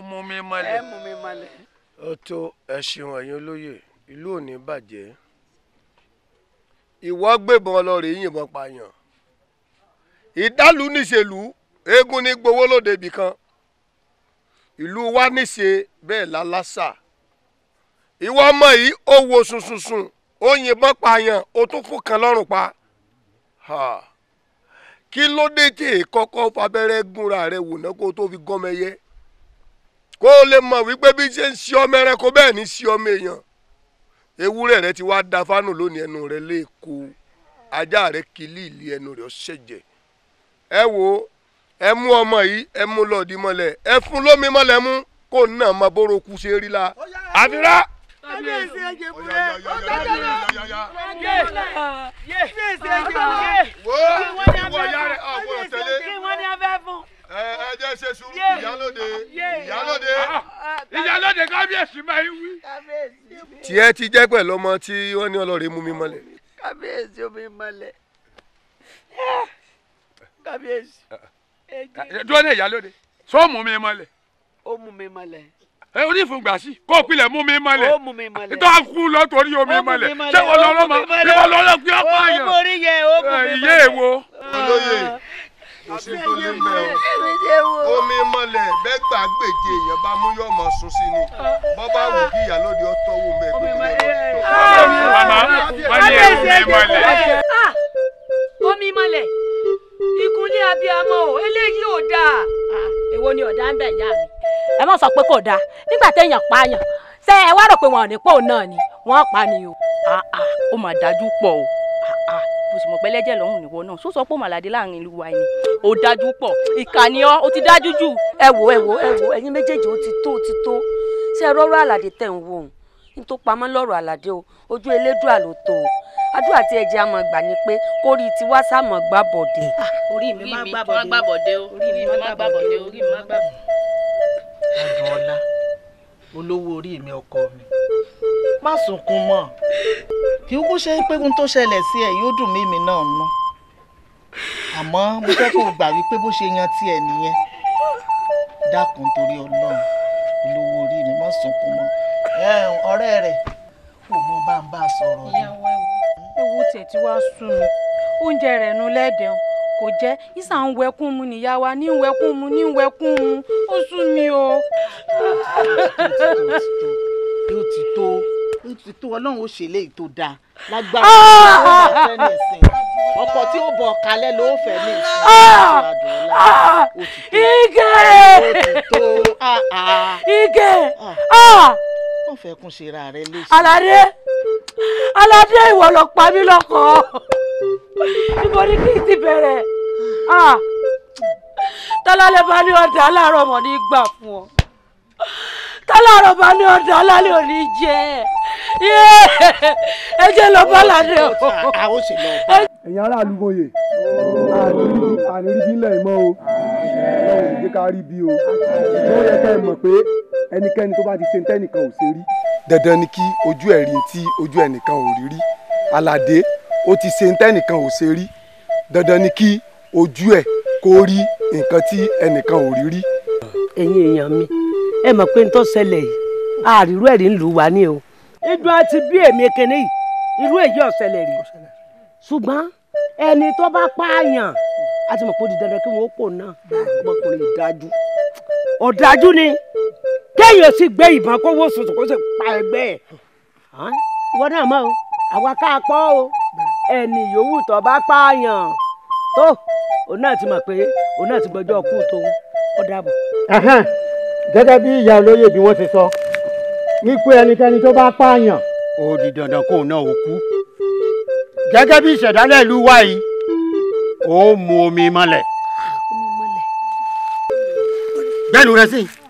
mú mi mọ́lẹ̀. ó tó ẹ ṣeun ẹ̀yin olóyè ìlú ò ní bàjẹ́ ìwọ gbébọn lọ rèé yìnbọn pààyàn ìdálù níṣèlú eégún ní gbowó lóde ibì kan ìlú wa níṣe bẹ́ẹ̀ lálásà ìwọ ọmọ yìí ó wo sunsunsun ó yìnbọn pààyàn ó tún fún kan lọ́rùn pa kí ló dé tí ìkọ́kọ́ fabẹ́rẹ́ gúnra rẹ̀ wò ná kó tó fi gọ́mọ ẹyẹ kó o lè mọ̀ wípé bí ṣe ń ṣe ọmọ ẹranko bẹ́ẹ̀ ní ṣe ọmọ èèyàn ewúrẹ́ rẹ ti wá da fánù lónìí ẹnu rẹ léèkó ajá rẹ kìlì ìlì ẹnu rẹ ṣẹ̀jẹ̀ ẹ wo ẹ mú ọmọ yìí ẹ mú lọ́ọ̀dì mọ́lẹ̀ ẹ fún lómi mọ́lẹ̀ mú kó náà mọ bóró kú ṣe rí la àdúrà kábíyèsí ẹjẹ búrẹ ọgbẹjọlọ yé yé kábíyèsí ẹjẹ búrẹ wo ìwọ ya rẹ ọwọ tẹlẹ kí wọn ní abẹ fún. ẹ ẹ jẹ ṣe sùúrù ìyálóde ìyálóde ìyálóde kábíyèsí máa ń wí. tiẹ ti jẹ pẹ̀lú ọmọ tí wọn ní ọlọrin mú mi mọ́lẹ̀. kábíyèsí omi mọ́lẹ̀ kábíyèsí. dúró ní ìyálóde sọ mú mi mọ́lẹ̀. ó mú mi mọ́lẹ̀ ẹ onífun gbàsí kó o pilẹ̀ mú mi mọ́lẹ̀ ìtọ́ akú lọ torí omi mọ́lẹ̀ ṣé wọ́n lọ lọ́mọ ṣé wọ́n lọ lọ pé ọkọ àyàn ìyé èwo. olóye òsì tó lé mbẹ o omi mọ́lẹ̀ bẹ́ẹ̀ gbàgbèje èèyàn bá mú yọ ọmọ sùn sí ni bọ́ bá wù kí ìyá lóde ọtọ́ wù mẹ́ gbogbo ẹ̀ lọ́wọ́. mama wọ́n yẹ omi mọ́lẹ̀. omi mọ́lẹ̀ ìkúnlẹ̀ abiyamọ eléyìí ò dáa ah, èwo ni ọ̀dà ń bẹ̀ yá mi ẹ má sọ pé kò dáa nígbà téèyàn pààyàn ṣé ẹ wá rò pé wọn ò ní pò náà ni wọn pa ni o. ó mà dájú pọ̀ o bó sì mọ̀ pé lẹ́jẹ̀ lọ́hùn níwọ náà sọ sọ pé màlàdé láàrin ìlú wa ni ó dájú pọ̀ ìkànnì ọ́ ó ti dájú jù. ẹ wo ẹ wo ẹ wo ẹ̀yin méjèèjì ó ti tó ó ti tó ṣé ẹ rọrọ àlàdé tẹ̀ ń wò ó ní tó pamọ́ lọ́rọ̀ àlàdé o ojú elédùà ló tó o àdúrà tí ẹ jẹ́ àmọ́ gbà ni pé kórì tí wá sàmọ́ gbà bọ̀dẹ̀. Ah, orí mi má gbà bọ̀dẹ̀ o orí mi má gbà bọ̀dẹ̀ o orí mi má gbà bọ̀dẹ̀ o. Adùnọlá olówó orí mi ọkọ mi má sunkún mọ́ kì í kú ṣe pé ohun tó ṣẹlẹ̀ sí ẹ yóò dùn mí mi náà nù àmọ́ mo fẹ́ kó o gbà wípé bó ṣe yan tiẹ̀ nìyẹn dákun torí Ọlọ́run olówó orí mi má sunkún mọ́ ọ̀rẹ́ rẹ̀ kò mọ bá ń bá a sọ̀rọ̀ ni. ìyàwó ewu ewu tẹ̀ tí wàá sùn mi oúnjẹ rẹ̀ nu lẹ́dẹ̀ẹ́ kò jẹ́ ìsà ń wẹkún mu nìyá wa ní wẹkún mu ní wẹkún mu ó sú mi o. yóò ti tó ń ti tó ọlọ́run ó ṣe eléyìí tó dáa lágbára ah! ọkọ tí ó bọ̀ kalẹ̀ ló fẹ́ ní ìṣúná ike ike wọ́n fẹ́ kún ṣe ra rẹ léṣe. aládé aládé ìwọ ló pa mí lọ́kọ̀ọ́ ìbọn ní kí n ti bẹ̀rẹ̀ ah! tálálẹ̀ bá ní ọ̀dà aláàárọ̀ mọ̀ ní gbà fún ọ tálàrọ̀ bá ní ọ̀dà alálẹ̀ òní jẹ́ ẹ jẹ́ lọ bá ládẹ́ o. ẹ̀yin ará àlùmọ̀yè àníríbí ńlẹ̀ ìmọ̀ o ọlọ́run ìgbé ká rí bí o wọ́n yẹ ká ẹ mọ̀ pé ẹnikẹ́ni tó bá ti ṣe tẹ́nìkan ò ṣe rí. dandan ni kí ojú ẹ̀ rí tí ojú ẹnìkan ò rí rí aládé ó ti ṣe tẹ́nìkan ò ṣe rí dandan ni kí ojú ẹ̀ kó rí nǹkan tí ẹnìkan ò rí rí. ẹ̀yin èèyàn mi ẹ mọ̀ pé n tó ṣẹlẹ̀ yìí àrírú ẹ̀rí ń lù wá ní o. ìjọ àti bí èmi kìíní yìí irú èyí ò ṣẹlẹ̀ rí ṣùgbọ́n ẹni tó bá pààyàn a ti mọ̀ pé ó di dandan kí wọ́n pò náà ọmọkùnrin ìdájú ọ̀dájú ni kéèyàn sì gbé ìbọn kówó sùn kó sì pa ẹgbẹ́ ẹ̀ ìwọ náà mọ̀ o àwa ká pọ̀ o ẹni yòówù tó bá pààyàn tó òun náà ti mọ̀ pé òun náà ti gbọ́jọ́ kú tóun ó dàbọ̀. gẹ́gẹ́ bí ìyá olóyè bí wọ́n ti sọ wípé ẹnikẹ́ni tó bá pààyàn. ó di dandan kóun náà ó kú gẹ́gẹ́ bí ìṣẹ̀dálẹ̀ ìlú wa yìí ó mu omi mọ́lẹ̀. gbẹ́nu rẹ sí i.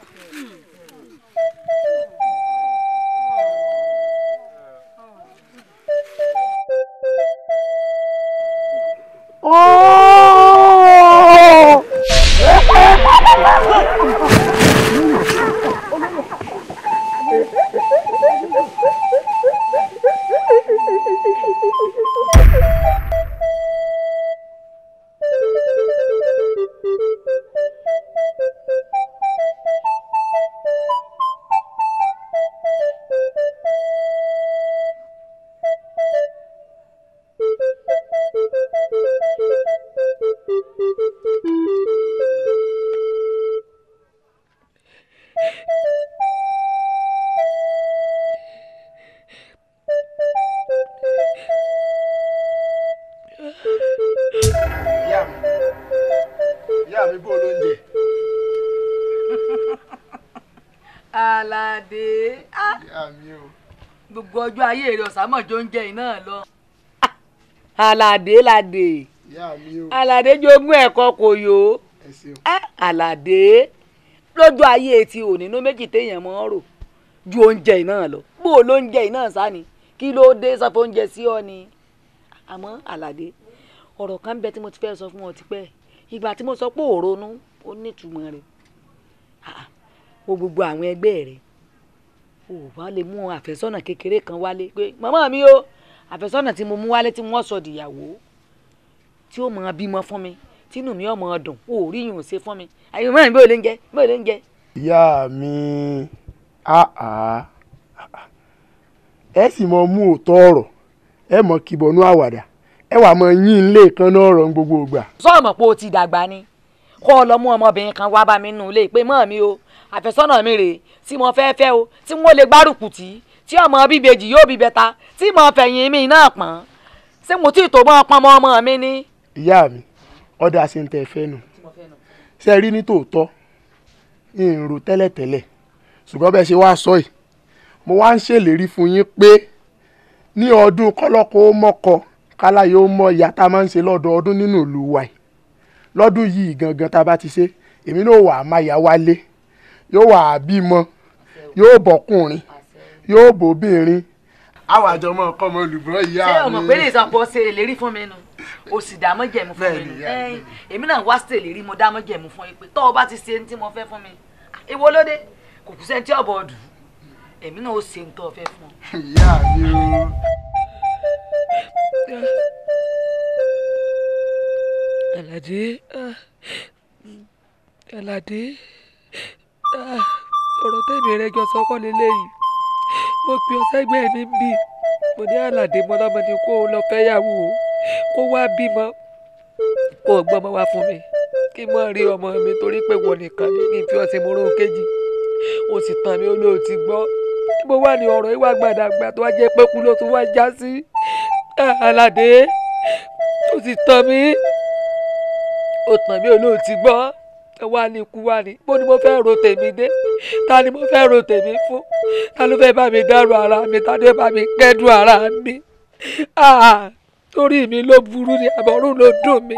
ayé rẹ ọ̀sàmọ̀jọ ń jẹ iná lọ. aládé ládé aládé jogún ẹ̀kọ́ kò yó aládé lójú ayé ti ònínú méjì téèyàn mọ́ rò ju oúnjẹ iná lọ bó ló ń jẹ iná sani kí ló dé sọfọ oúnjẹ sí ọ ni àmọ́ aládé ọ̀rọ̀ kan bẹ tí mo ti fẹ́ sọ fún ọ tipẹ́ ìgbà tí mo sọ pé òronú ó nítumọ̀ rẹ̀ wo gbogbo àwọn ẹgbẹ́ rẹ̀ o wá lè mú àfẹ́sọ́nà kékeré kan wálé pé màmá mi o àfẹ́sọ́nà tí mo mú wálé tí wọ́n sọ dìyàwó tí ó máa bímọ fún mi tínú mi ọmọ ọdún o ò rí ìyún ṣe fún mi àyè màmá mi bó lè ń jẹ bó lè ń jẹ. ìyá mi àá ẹ sì mọ mú òótọ́ ọ̀rọ̀ ẹ mọ kíbọnú àwàdà ẹ wà mọ yín ilé kan náà rọ gbogbo ìgbà. sọ́ọ̀mọ̀ pé o ti dàgbà ni kọ́ ọ lọ mú ọmọbìnrin kan wá bá mi nù ilé pé mọ́ mi o àfẹ́sọ́nà mi rèé tí mo fẹ́ fẹ́ o tí wọ́n lè gbárùkù tí tí ọmọ bíbejì yóò bí bẹta tí mo fẹ̀yìn mi náà pọ́n ṣé mo tí ì tó mọ́ ọpọ́n mọ́ ọmọ mi ni. ìyá mi ọ̀dà ṣe ń tẹ fẹ́ nù ṣe rí ní tòótọ́ ìrò tẹ́lẹ̀tẹ́lẹ̀ ṣùgbọ́n bẹ́ẹ̀ ṣe wá sọ yìí mo wá ń ṣèlérí fún yín pé ní ọdún kọ́lọ́kọ́ ó mọ́kọ kálá yóò mọ ìyá tá a máa ń ṣe lọ́dọọdún nínú ìlú wa yìí lọ́dún yìí gangan tá a bá ti ṣe èmi náà wà á máa yá wálé yóò wà bímọ yóò bọ́kùnrin yóò bóbìnrin àwọn àjọ ọmọ ọkọ ọmọ olùgbọ́ ìyá mi. ṣé ọmọ pé lè sọ pé ó ṣe ìlérí fún mi nù o sì dá mọ́ jẹ̀mú fún mi nù èmi náà wá sí ìlérí mo dá mọ́ jẹ̀mú fún yín pé tọ́ ọ bá ti ṣe ní tí mo fẹ́ fún mi ìwọ lóde kò kù sẹ́ńtì ọ̀bọ̀ ọ̀dùn èmi náà ó ṣe ní tọ́ ọ fẹ́ fún ọ. ìyá mi o. Ah, ọ̀rọ̀ tẹ́mi rẹ jọ sọ́kọ́ lélẹ́yìí mo pè ọ́ sẹ́gbẹ́ mi ń bì mo ní àlàdé mọ́ lọ́mọ ni kó o lọ fẹ́yàwó o kó wá bímọ kó o gbọ́mọ wá fún mi kí mo rí ọmọ mi torí pé wọ nìkan ní kí n fi ọsẹ mo rún kejì o sì tàn mí olóò ti gbọ́ mo wà ní ọ̀rọ̀ ìwà gbàdàgbà tó wá jẹ́ pé kú ló tún wá já sí àlàdé o sì tàn mí o tàn mí olóò ti gbọ́ ẹ wá ní ikú wá ní bó ni mo fẹ́ ro tèmi dé ta ni mo fẹ́ ro tèmi fún ta ló fẹ́ bá mi dárò ara mi ta ló fẹ́ bá mi kẹ́dùn ara mi ah, torí mi ló burú ni àbọ̀rún ló dùn mí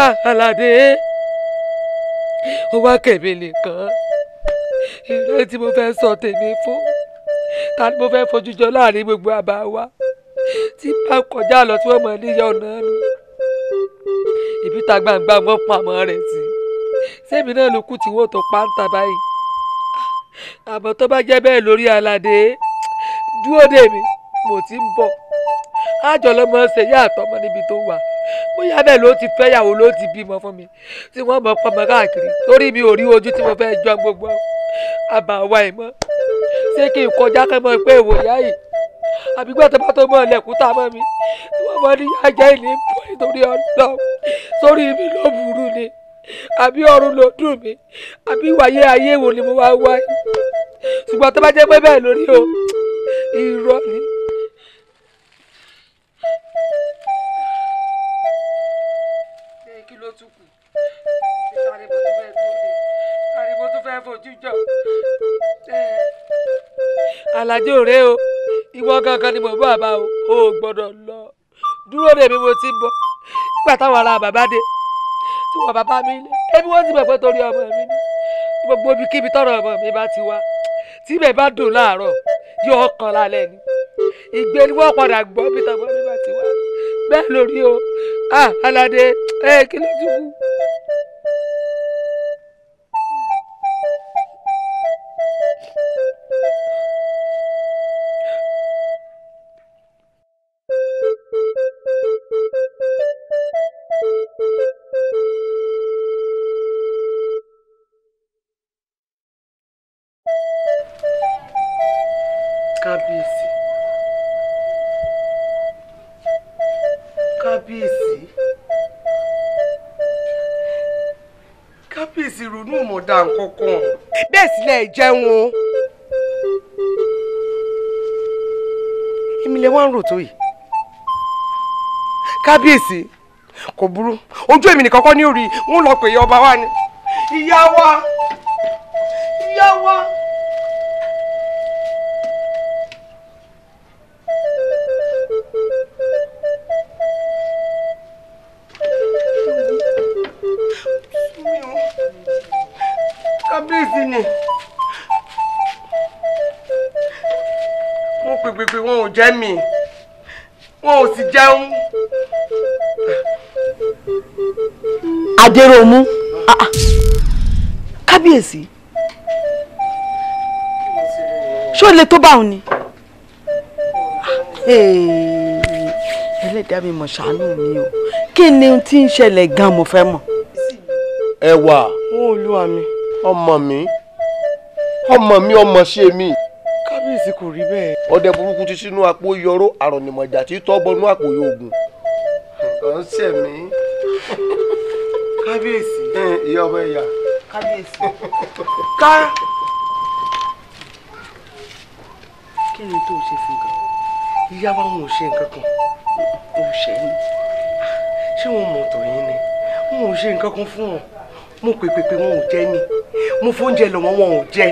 ah, Aládé ó wá kẹ̀mí nìkan ìrẹ́ tí mo fẹ́ sọ tèmi fún ta ni mo fẹ́ fojú jọ láàrin gbogbo àbá wa tí bá kọjá lọ tí wọ́n mọ̀ níyà ọ̀nà mi ìbí ta gbangba wọ́n pa àmọ́ rẹ̀ sí sẹ́mi náà ló kú tí wọ́n tó pàǹtà báyìí àmọ́ tó bá jẹ́ bẹ́ẹ̀ lórí aládé dúró dè mí mo ti ń bọ̀ àjọlọ ṣe yá àtọmọ níbi tó wà bóyá bẹ́ẹ̀ ló ti fẹ́yàwó ló ti bímọ fún mi tí wọ́n mọ pọmọ káàkiri torí mi ò rí ojú tí mo fẹ́ jọ gbogbo àbàwá ẹ̀ mọ́ ṣé kí n kọjá kẹ́ mọ́ pé èwo ìyá yìí àbí gbọ́dọ̀ bá tó mọ̀ lẹ́kùn mọ́ mi tí wọ́n mọ ní ajá ìní pọ̀ nítorí ọ̀dọ́ sórí mi ló burú ni àbí ọ̀run ló dùn mí àbí wàyé ayé wo ni mo wá wá yìí ṣùgbọ́n tó bá jẹ́ pé bẹ́ẹ̀ lórí o irọ́ ni. kí ló tún kù ariwo o ìwọ kankan ni mo bá bá o ò gbọ́dọ̀ lọ dúró de mi mo ti bọ̀ nígbà táwọn ará bàbá dé tí wọ́n bàbá mi lé ẹbí wọ́n ti mọ̀ pé torí ọmọ mi ní gbogbo ibi kíbi tọrọ ọmọ mi bá ti wá tí ibẹ̀ bá dùn láàárọ̀ yóò kàn lálẹ́ ni ìgbé ni wọ́n padà gbọ́ bí tọmọ mi bá ti wá bẹ́ẹ̀ lórí o ah, aládé ẹ kí ló dùn kú. dé sílẹ̀ ìjẹun o. èmi lè wá ń rò tó yìí. kábíyèsí kò burú ojú èmi nìkan kọ́ ní orí wọn lọ pè ni. ìyá wa. kábíyèsí ni mo pèpèpè wọn ò jẹ́ mi wọn ò sì jẹun. adéròmú ah, ah. kábíyèsí ṣé o lè tó báwọn ni ah, eh, ẹlẹ́dàá mi mọ̀ ṣàánú mi o kí ni tí ń ṣẹlẹ̀ gan mo fẹ́ mọ̀. ẹwà. wọn ò lu àmì ọmọ mi ọmọ mi ọmọ ṣe mi kábíyèsí kò rí bẹ́ẹ̀. ọdẹ burúkú ti sínú àpò yọrọ àrọ̀nìmọ̀jà tí tọ́ bọnú àpò yòògùn. nǹkan ṣe mí kábíyèsí. ìyá ọba ẹ̀yà. kábíyèsí. ká. kí ni tó o ṣe fún gan ìyá wa wọn ò ṣe nǹkan kan ò ṣe ni ah, ṣé wọn mọ̀ ọ̀tọ̀ yín ni wọn ò ṣe nǹkan kan fún wọn mo pèpèpè wọn ò jẹ́ ni mo fóúnjẹ lọ́wọ́ wọn ò jẹ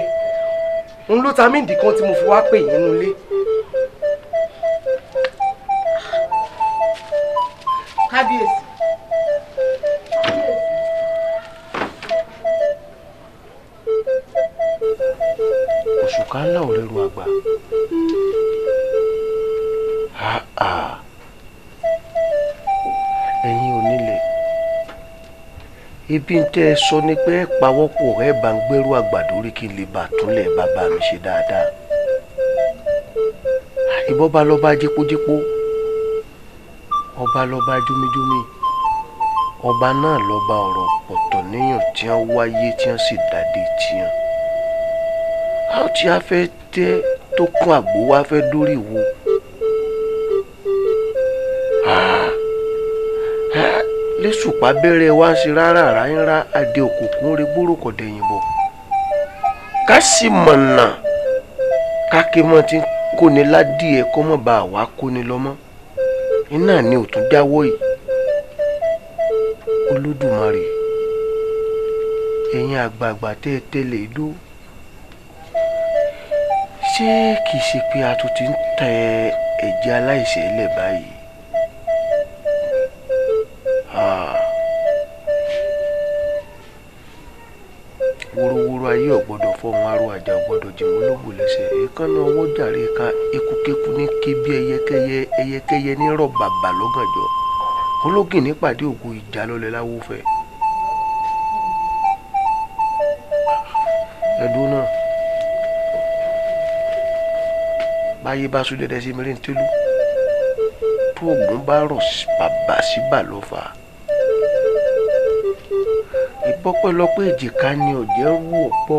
òun ló ta mí kan tí mo fi wá pè yín nulẹ̀ ibi ń tẹ́ ẹ sọ ni pé pawọ́pọ̀ ẹ bá ń gbẹ́rú àgbàdo rí kí n lè bà túnlẹ̀ bàbá mi ṣe dáadáa ìbọn bá lọ́ba jípójípó ọba lọ́ba jómijómi ọba náà lọ́ba ọ̀rọ̀ pọ̀tọ̀ níyàn tí wọ́n wáyé tí wọ́n sì dáadé tiyan a ó ti afẹ́ tẹ́ tó kún àgbo wá fẹ́ dórí wo. lẹ́sùpá bẹ́rẹ̀ wá sí rárá ráyínrá adé òkùnkùn rẹ gbórúkọ dẹ̀yìn bọ̀ ká sì mọ̀nà káké mọ́ ti kóni ládìẹ kọ́ mọ́ bá wa kóni lọ́mọ́ iná ni ò tún jáwọ́ yìí olódùmarè ẹ̀yin àgbààgbà tẹ́ ẹ tẹ́lẹ̀ dó ṣé kìí ṣe pé a tún ti ń tẹ ẹ̀jẹ̀ aláìṣẹ̀ lẹ̀ báyìí. ayé ọ̀gbọ́dọ̀ fọ́ọ̀mù aró àjà ọ̀gbọ́dọ̀ jẹ̀wọ́ lóògùn lẹ́sẹ̀ èékánná ọwọ́ jàre ká ekukeku ní ké bí ẹyẹkẹyẹ ẹyẹkẹyẹ ní rọ̀ bàbà lọ́gànjọ́ ológin nípàdé ògo ìjà lọlẹ̀ láwùfẹ́. ẹ̀dùn náà báyé bá sún dẹ́dẹ́ sí mìíràn tẹ́lú tó ògùn bá rọ̀ bàbà síbà lọ́fà. Si pọ́pẹ́lọpẹ́ èjìká ni òjẹ́ wù ọ̀pọ̀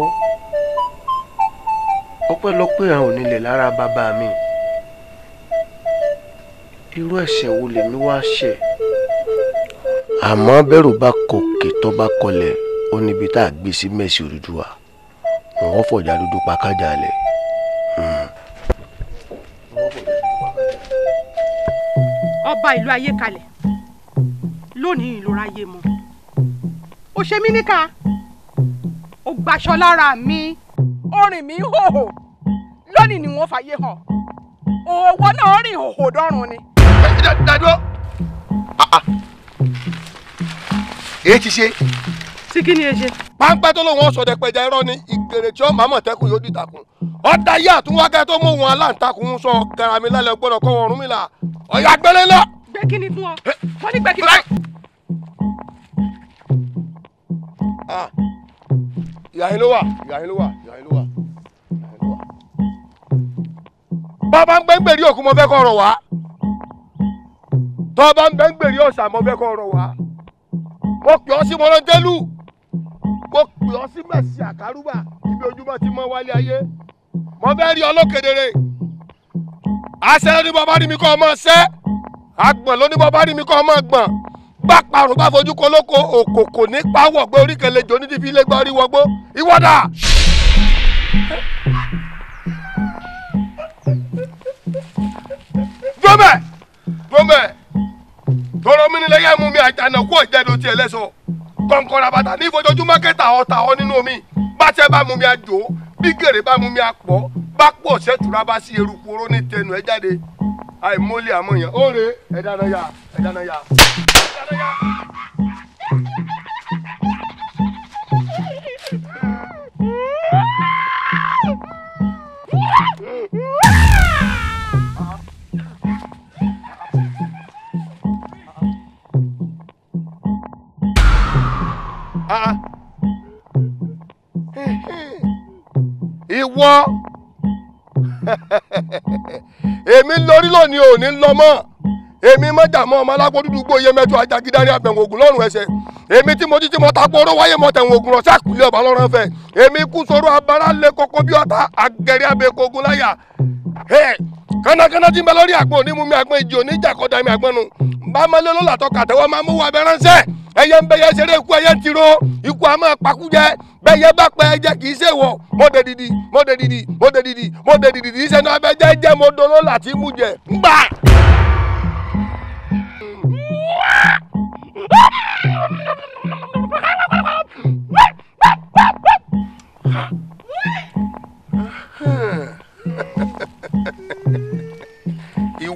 ọpẹ́lọpẹ́ àwọn onílẹ̀ lára bàbá mi irú ẹ̀ṣẹ̀ wo lèmi wá ṣẹ̀ àmọ́ bẹ́rù bá kòkè tó bá kọlẹ̀ ó níbi tá a gbé sí mẹ́sì Odùduwà wọ́n fọ̀jà dúdú pa kájà lẹ̀. Hmm. ọba ìlú ayé kalẹ̀ lónìí ìlú ayé mọ́ ó ṣe mí níkà ó gbaṣọ lára mi orin mi hòhò lónìí ni wọ́n fàyè hàn òwò náà rìn hòhò dọ́rùn ni. dàdúró ah, ah. èyí ti ṣe. tí kí ni ẹ ṣe. páńpẹ́ tó lóun ọ̀sọ̀ dẹ̀pẹ̀jà irọ́ ni ìgbèrè tí ó máa mọ̀ tẹ́kùn yóò dìtàkùn ọ̀dà yìí àtúnwákẹ́ tó mú wọn aláǹtakùn sọ garami lálẹ́ gbọ́dọ̀ kọ́ wọn Ọ̀rúnmìlà ọ̀yà gbẹ́lẹ́ lọ. gbẹ́kínni fún ọ mo ní gbẹ́kínni. ìyàhín ló wà ìyàhín ló wà ìyàhín ló wà. bàbá ń gbẹ́ngbèrè òkú mo fẹ́ kọ́ ọ̀rọ̀ wá tọ́ba ń gbẹ́ngbèrè ọ̀sà mo fẹ́ kọ́ ọ̀rọ̀ wá mo pè ọ́ sí mọ́lọ́tẹ́lù mo pè ọ́ sí mẹ̀sì àkárùbà ibi ojúmọ́ ti mọ́ wálé ayé mo fẹ́ rí ọlọ́kẹ̀dẹ̀rẹ̀ àṣẹ lóní bàbá mi kọ́ ọmọ ṣẹ́ àgbọ̀n lóní bàbá mi kọ́ ọmọ gbọ̀n bá parun bá fojú kó lóko òkòkò ní pawọ́ gbé oríkèlè jò ní fífi ilé gbọ́ rí wọgbó ìwọ́dà. dúrómẹ̀ dúrómẹ̀ tọrọ mi nílẹ̀ yẹ́ mú mi àjànà kú ọ̀jẹ̀dọ̀ tiẹ̀ lẹ́sọ̀ kọ̀ǹkọ̀rọ̀ bàtà ní ìfojoojúmọ́ kẹta ọ̀tà ọ nínú omi bá tẹ́ bá mú mi àjò bí gèrè bá mú mi àpọ̀ bá pọ̀ ṣẹ́tura bá sí eruku oró ní tẹnu ẹ̀ jáde àìmọ́lé àmọ́ èèyàn ó ẹ̀dá náà yá ẹ̀dá náà yá ẹ̀dá ah, ah. èmi lórí lónìí ò ní lọ mọ́ èmi mọ́jàmọ́ ọmọ alágbó dúdú gbó iye mẹ́tọ́ ajagidárí abẹ̀wò ògùn lọ́rùn ẹsẹ̀ èmi tí mo títí mo ta kóró wáyé mo tẹ̀wọ̀n ògùn rọ̀ sákùlẹ̀ ọ̀bà lọ́rọ̀ fẹ́ èmi kú sọ̀rọ̀ abara lé koko bí ọ̀tá agẹ̀rẹ́ abẹ́kọ̀ọ́gùn láyà kánákáná tí ń bẹ lórí àgbọn òní mi àgbọn ìjì òní jàkọ́dá mi àgbọn nu bámọ́lé ló làtọ́ kàtẹ́wọ́ máa mú wa bẹ́ẹ̀ ránṣẹ́ ẹyẹ ń bẹ yẹ ṣeré ikú ẹyẹ ń tiro ikú a máa pakújẹ bẹ́ẹ̀ yẹ bá pẹ́ ẹjẹ kì í ṣe wọ̀ mọ́dẹ didi mọ́dẹ didi mọ́dẹ didi mọ́dẹ didi kì í ṣe náà jẹ́ mo dolo láti mú jẹ ńgbà. Hmm.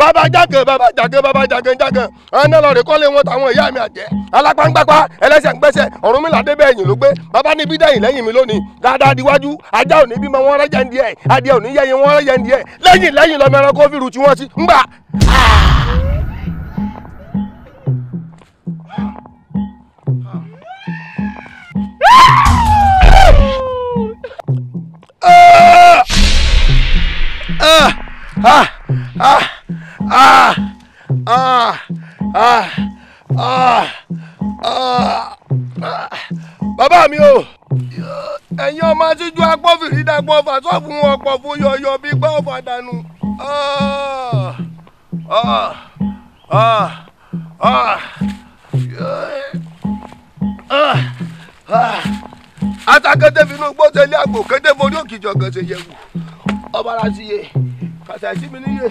bàbá jágan bàbá jágan bàbá jágan jágan ọ̀nà lọ́ọ̀rẹ́ kọ́lé wọn tàwọn ìyá mi àjẹ́ alápángbápá ẹlẹ́sẹ̀ ńgbẹ́sẹ̀ ọ̀run mi làdé bẹ́ẹ̀ yìn ló gbé Baba níbí dẹ́yìn lẹ́yìn mi lónìí dáadáa diwájú ajá òní bímọ wọn rẹ́jẹ̀ ń díẹ̀ adìẹ òní yẹ́yìn wọn rẹ́jẹ̀ ń díẹ̀ lẹ́yìn lẹ́yìn lọ́mọ ẹranko fi rùtù wọn sí ńgbà. Ah! Ah! Ah! ah! ah ah ah ah ah bàbá mi o ẹ̀yin ọmọ àtijú apọ́fìrí dàgbọ́n fàtọ́fù ọ̀pọ̀ fún yọ̀yọ̀ bí gbọ́ fàdánù. atakẹ́tẹ́ finú gbọ́sẹ̀ lé àgbò kẹ́tẹ́ forí òkìjọ́ gẹ̀ẹ́sẹ̀ yẹ̀wò ọba ara sí iye kàtà sí mi níyè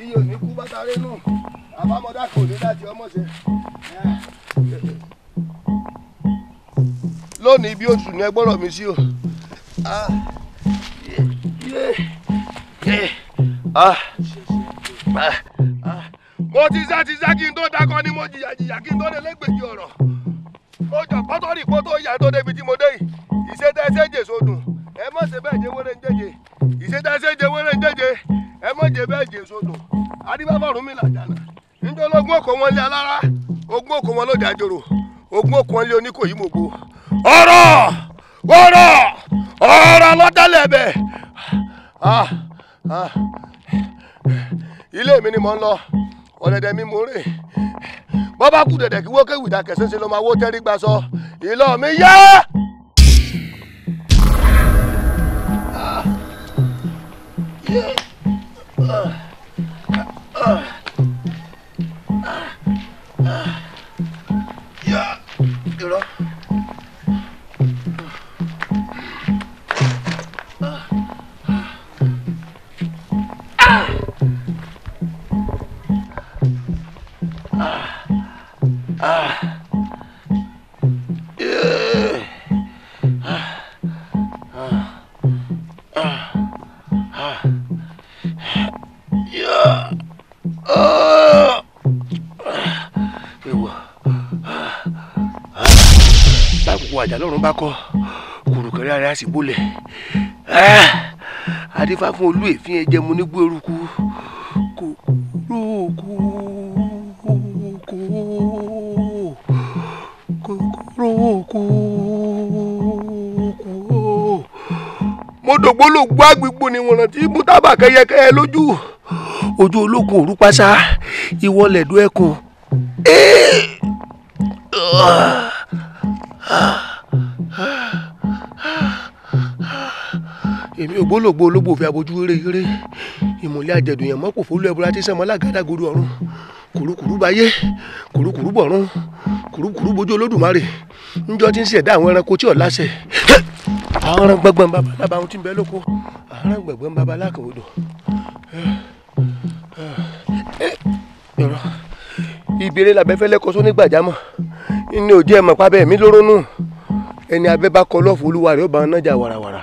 iye ò ní kú bátàrí nù àbámọ́dá kò ní láti ọmọṣẹ́. lónìí bí oṣù ni ẹ gbọ́dọ̀ mi sí o. mo ti sá ti sá kí n tó dákọ ni mo jìyà jìyà kí n tó délé gbèjì ọ̀rọ̀ mo jọ pọ́tọ́ rí pọ́tọ́ ìyá tó débi tí mo dé yìí ìṣètẹ́sẹ́ jèso dùn ẹ mọ̀ sí bẹ́ẹ̀ jẹ́ wẹ́rẹ́ ń jẹ́jẹ́ ìṣètẹ́sẹ́ jẹ́ wẹ́rẹ́ ń jẹ́jẹ́ ẹ mọ̀ jẹ́ bẹ́ẹ̀ jẹ́ sódò adébáfọ̀rún mi làjànà níjọ́ ológun òkò wọn lé alára ogun òkò wọn lóde àjòrò ogun òkò wọn lé oníkòyí mògo ọ̀rọ̀ ọ̀rọ̀ ọ̀rọ̀ lọ́dálẹ̀ bẹ̀ ilé mi ni mò ń lọ ọ̀dẹ̀dẹ̀ mi mò ń rè bọ́ bá kú dẹ̀dẹ̀ kí wọ́kẹ́ wìdá kẹsàn-án ló máa wó tẹ́rí gbà sọ ìlọ mi yá. Yeah. Ah. ah. ah. ah. bákọ kùrùkẹrẹ ara sì bólẹ̀ adífá fún olú èéfín ẹjẹ mu ní gbóòrùkú kòrókù kòrókù mo dògbó ló gbó agbègbò ni wọn rántí mú tábà kẹyẹkẹyẹ lójú ojú olókun òru pàṣà ìwọlẹ̀ ẹkùn. Ah! èmi ògbólógbò ológbò fi abojú réré ìmùlẹ̀ àjẹ̀dùn yẹn mọ́pò fólú ẹbúra tí sẹ́mọ́ lágàdàgodo ọ̀run kùrukùru báyé kùrukùru bọ̀run kùrukùru bójú olódùmarè níjọ́ tí ń ṣẹ̀dá àwọn ẹranko tí ò láṣẹ àwọn ẹran gbọ̀ngbọ̀n bàbá lábà tí ń bẹ lóko àwọn ẹran gbọ̀ngbọ̀n bàbá lákòódò ìbéèrè làbẹ́fẹ́lẹ́ kọ́sọ́ nígbàjámọ̀ ní òjẹ́ mọ̀pá bẹ́ẹ̀ mi lóró nù ẹni abẹ́ bá kọ́ lọ́ọ̀fù olúwa ó bá ń nájà wàràwàrà.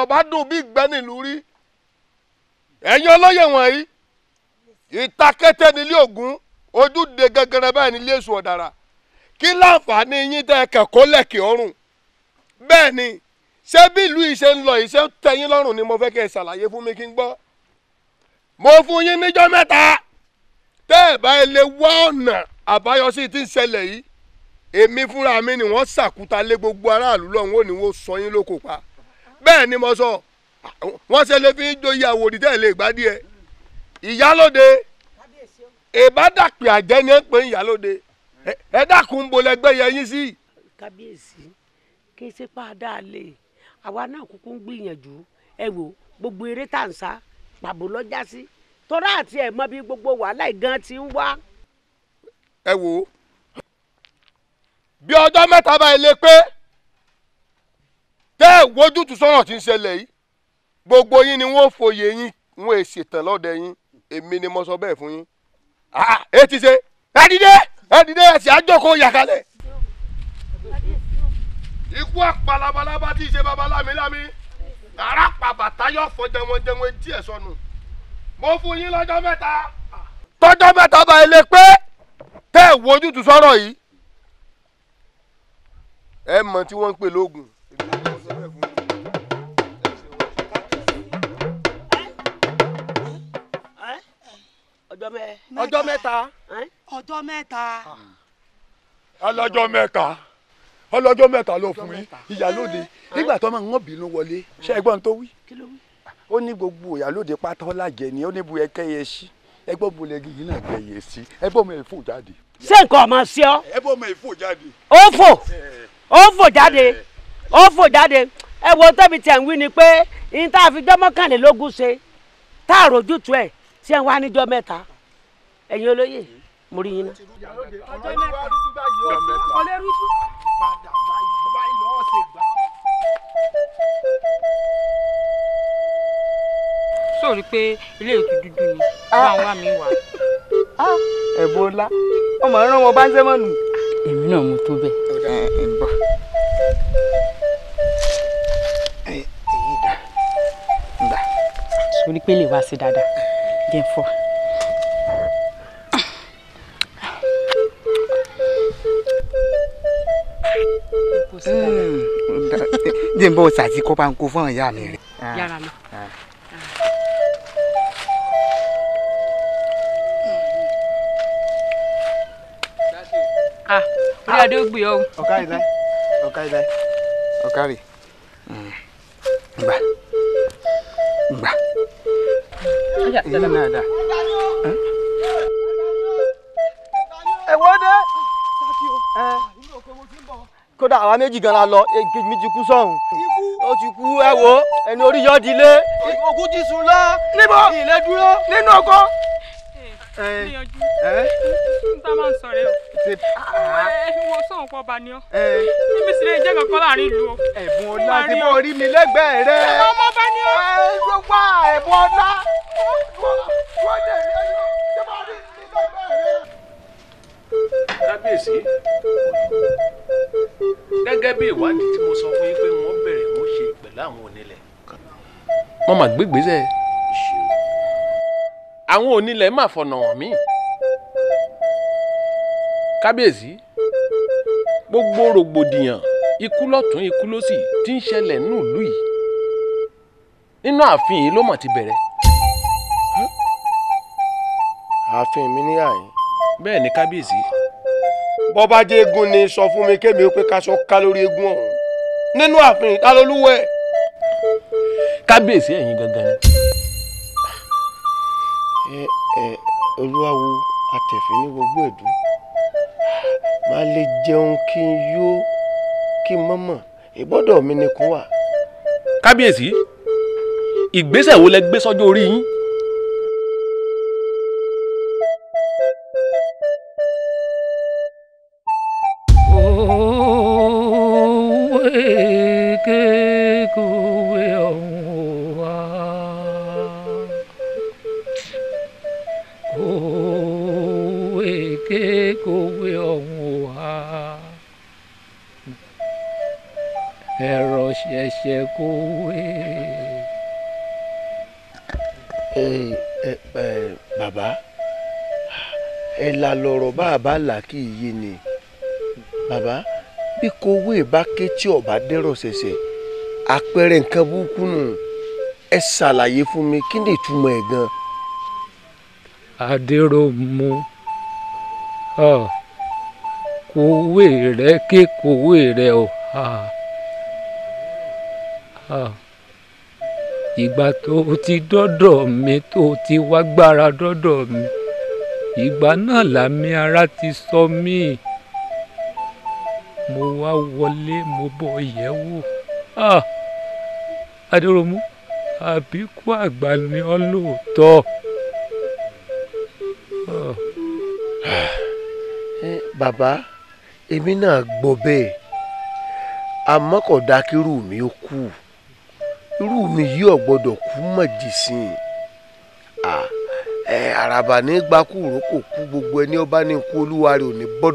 ọba dùn bí ìgbẹ́ nílùú rí ẹ̀yin olóyè wọ̀nyí ìtakété nílé ògún ojúde gẹgẹrẹ báyìí nílé èṣù ọ̀dàrà kí láǹfààní yín tẹ́ kẹ̀kọ́ lẹ̀kẹ̀ ọ̀run bẹ́ẹ̀ ni ṣé bí ìlú yìí ṣe ń lọ yìí ṣe ń tẹ̀yìn lọ́rùn ni mo fẹ́ kẹ́ ẹ ṣàlàyé fún mi kí n gbọ́ mo fún yín níjọ́ mẹ́ta tẹ́ ẹ̀ bá ilé wá ọ̀nà àbáyọ sí ti ń ṣẹlẹ̀ yìí èmi fúnra mi ni wọ́n ṣàkúta lé gbogbo aráàlú lọ́hùn ó wọ́n sọ yín lóko pa bẹ́ẹ̀ ni mo sọ wọ́n ṣe lè fi ń joyè àwòrán tẹ́lẹ̀ ìgbádìí ẹ̀ ìyálóde ìbádàpẹ̀ àjẹ́ ni ẹ̀ ń pè ìyálóde ẹ dákun ń bolẹ̀ gbé yẹyin sí. kábíyèsí kí n ṣe pa dá a lè àwa náà kúkú ń gbìyànjú ẹ wò gbogbo eré tá à ń sá pàbó lọ́jà sí tọ́lá àti ẹ̀ mọ́ bí gbogbo wàhálà ìgan ti ń wá. ẹ wò bí ọjọ́ mẹ́ta báyìí lè pé tẹ́ ẹ̀ wójútùú sọ́nà tí ń ṣẹlẹ̀ yìí gbogbo yín ni wọ́n fòye yín wọ́n è ṣètàn lọ́dẹ yín èmi ni mo sọ bẹ́ẹ̀ fún yín. Ah, ah, ẹ ti ṣe ẹ dìde ẹ àjọkọ yàkálẹ̀. ikú tí ṣe baba lámilámi àràpà bàtà fọ díẹ̀ sọnù mo fún yín lọ́jọ́ mẹ́ta. tọ́jọ́ mẹ́ta bá ilé pé tẹ́ ẹ̀ sọ́nà yìí ẹ mọ̀ tí wọ́n ń ọjọ́ mẹ. ọjọ́ mẹ́ta. ọjọ́ mẹ́ta. ọlọ́jọ́ mẹ́ta ọlọ́jọ́ mẹ́ta ló fún mi ìyálóde nígbà tó máa ń bínú wọlé ṣé ẹgbọ́n tó wí. ó ní gbogbo ìyálóde pátá ọlájẹ ni ó ní bu ẹkẹ yẹ sí ẹgbọ́n bu lẹ́gì yìí náà kẹ yẹ sí ẹgbọ́n mi èfò jáde. ṣé nǹkan ọmọ sí ọ. ẹgbọ́n mi èfò jáde. ó fò ó fò jáde ó fò jáde ẹ wo tẹ́bi tẹ̀ ń wí ni pé ní tá a fi jọ́ mọ́kànlélógún ṣe tá a rojú tu ẹ̀ ṣé ń wá níjọ́ mẹ́ta ẹ̀yin olóyè mo rí yín náà. ọjọ́ mẹ́ta ọlẹ́rú tú. padà báyìí báyìí lọ́wọ́ ṣe gbà á. sórí pé ilé ètò dúdú ni bá ah. ń wá mi wá. Ah. ẹ̀bùn ọlá ọmọ ẹran wọn bá ń sẹ́mọ̀ nù. èmi náà mo tó bẹ́ẹ̀. ẹ̀ pé lè wá sí dáadáa. bien fort. Điểm bố xả chỉ có bằng cú phong nhà mình. Nhà làm. À, bây giờ được bì ông. Ok đây, ok đây, ok đi. Bà, bà. ìyẹn náà dà. ẹ wọ́n dé. kódà àwa méjì gan la lọ mi ti kú sọ́hún. ó ti kú ẹ wo ẹni orí yọ di lé. òkú ti sùn lọ. níbo ilé dúró. nínú ọkọ. ẹ ẹ. níyànjú níta máa ń sọ̀rọ̀ o ṣe. ẹni wo sọ̀rọ̀ pọ̀ bá ní ọ́. mímí sì lè jẹ́ kankan láàrin ìlú o. ẹ̀bùn ọlá ti bọ́ rí mi lẹ́gbẹ̀ẹ́ rẹ. ọmọ bá ní ọ́. ẹ wá ẹ̀bùn ọlá. wọ́n jẹ́ ẹ̀yọ́ tí wọ́n rí mi lẹ́gbẹ̀ẹ́ rẹ. kábíyèsí gẹ́gẹ́ bí ìwádìí tí mo sọ fún yín pé wọ́n bẹ̀rẹ̀ wọ́n ṣe pẹ̀lú àwọn onílẹ̀. mo mà gbégbèsè àwọn onílẹ̀ mà fọ̀nà hàn mí kábíyèsí gbogbo rògbòdìyàn ikú lọ́tún ikú lọ́sì tí ń ṣẹlẹ̀ nínú ìlú yìí nínú ààfin yìí ló mọ̀ ti bẹ̀rẹ̀. ààfin mi ní àyín. bẹ́ẹ̀ ni kábíyèsí. bọ́bá jẹ́ eégún ni sọ fún mi kémi ó pé kaṣọ ká lórí eégún ọ̀hún nínú ààfin ìtalólúwẹ̀. kábíyèsí ẹ̀yin gangan ni. ẹ ẹ olúwa wo àtẹ̀fín ní gbogbo ẹ̀dùn má lè jẹun kí n yó kí n mọ́mọ́ ìbọ́dọ̀ mi ni kún wà. kábíyèsí ìgbésẹ̀ wo lẹ gbé sọ́jọ́ orí yín bàbá làákì yìí ni bàbá bí kowó ìbá ké tí ọba dẹrọ ṣẹṣẹ àpẹẹrẹ nǹkan burúkú nù ẹ ṣàlàyé fún mi kí ni ìtumọ̀ ẹ̀ gan. adéròmù kòwé rẹ ké kòwé rẹ o ìgbà tó ti dọ́dọ̀ mi tó ti wá gbára dọ́dọ̀ mi ìgbà náà làmì ara ti sọ mí mo wá wọlé mo bọ yẹ̀ wò ah adéròmú àbíkú àgbà ni ọ́ lóòótọ́. bàbá èmi náà gbọ́ bẹ́ẹ̀ àmọ́ kò dákírù mi ó kú irú mi yìí ò gbọ́dọ̀ kú mọ̀jì sí i. araba ní gbàkúrò kò ku gbogbo ẹni ọba ní ikú olúwa rẹ̀ ò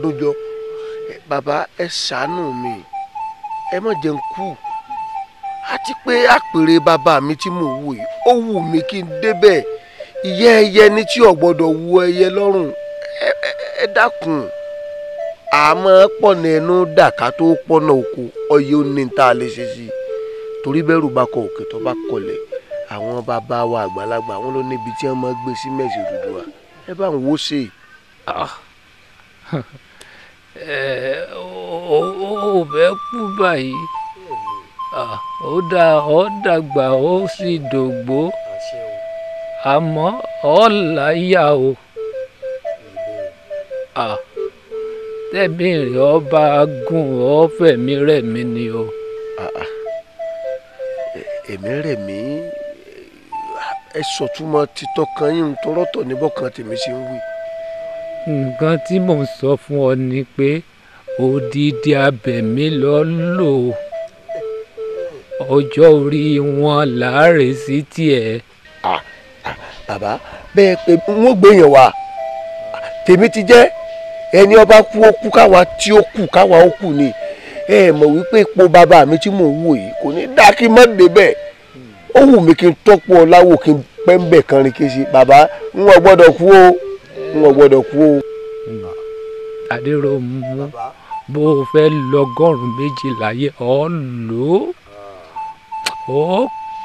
baba ẹ ṣàánú mi ẹ má jẹ́ n mi tí mo ń yìí ó wù mí kí n ẹyẹ tí wu ẹyẹ lọ́rùn ẹ dákun àmọ́ pọ̀nà ẹnu dàka tó pọ̀nà oko ọyẹ ó lè ṣe sí i àwọn bàbá wa àgbàlagbà wọn ló níbi tí wọn máa gbé sí mẹ́sì Odùduwà ẹ bá ń wó ṣe. ó ah. bẹ́ eh, kú báyìí ah, ó dà ó dàgbà ó sì dògbó àmọ́ ó láyà o ah, tẹ́bìrì ọba gùn ọ́ fẹ̀mí rẹ̀ mí ni o. èmi rẹ̀ mí ẹ sọ̀túnmọ́ títọ́ kan yín ń tọrọ́tọ̀ kan tèmi ṣe ń wí. nǹkan tí mò ń sọ fún ọ ni pé odidi abẹ̀mí lọ lò ọjọ́ orí wọn láàrè sí tiẹ̀. bàbá bẹ́ẹ̀ pé wọ́n gbèyàn wá tèmi ti jẹ́ ẹni ọba kú ó kú káwa tí ó kú káwa ó kú ni ẹ mọ̀ wípé ipò bàbá mi tí mò ń wò yìí kò ní dákí mọ́ débẹ̀ ó wù mí kí n tọ́pọ̀ ọláwò kí n pẹ́ ń bẹ̀ kan rí kéṣe bàbá ń wọ́n gbọ́dọ̀ kú o ń wọ́n gbọ́dọ̀ kú o. Adéròmù bó o fẹ́ lọ́gọ́rùn-ún méjì láyé ọ̀ lò ó ó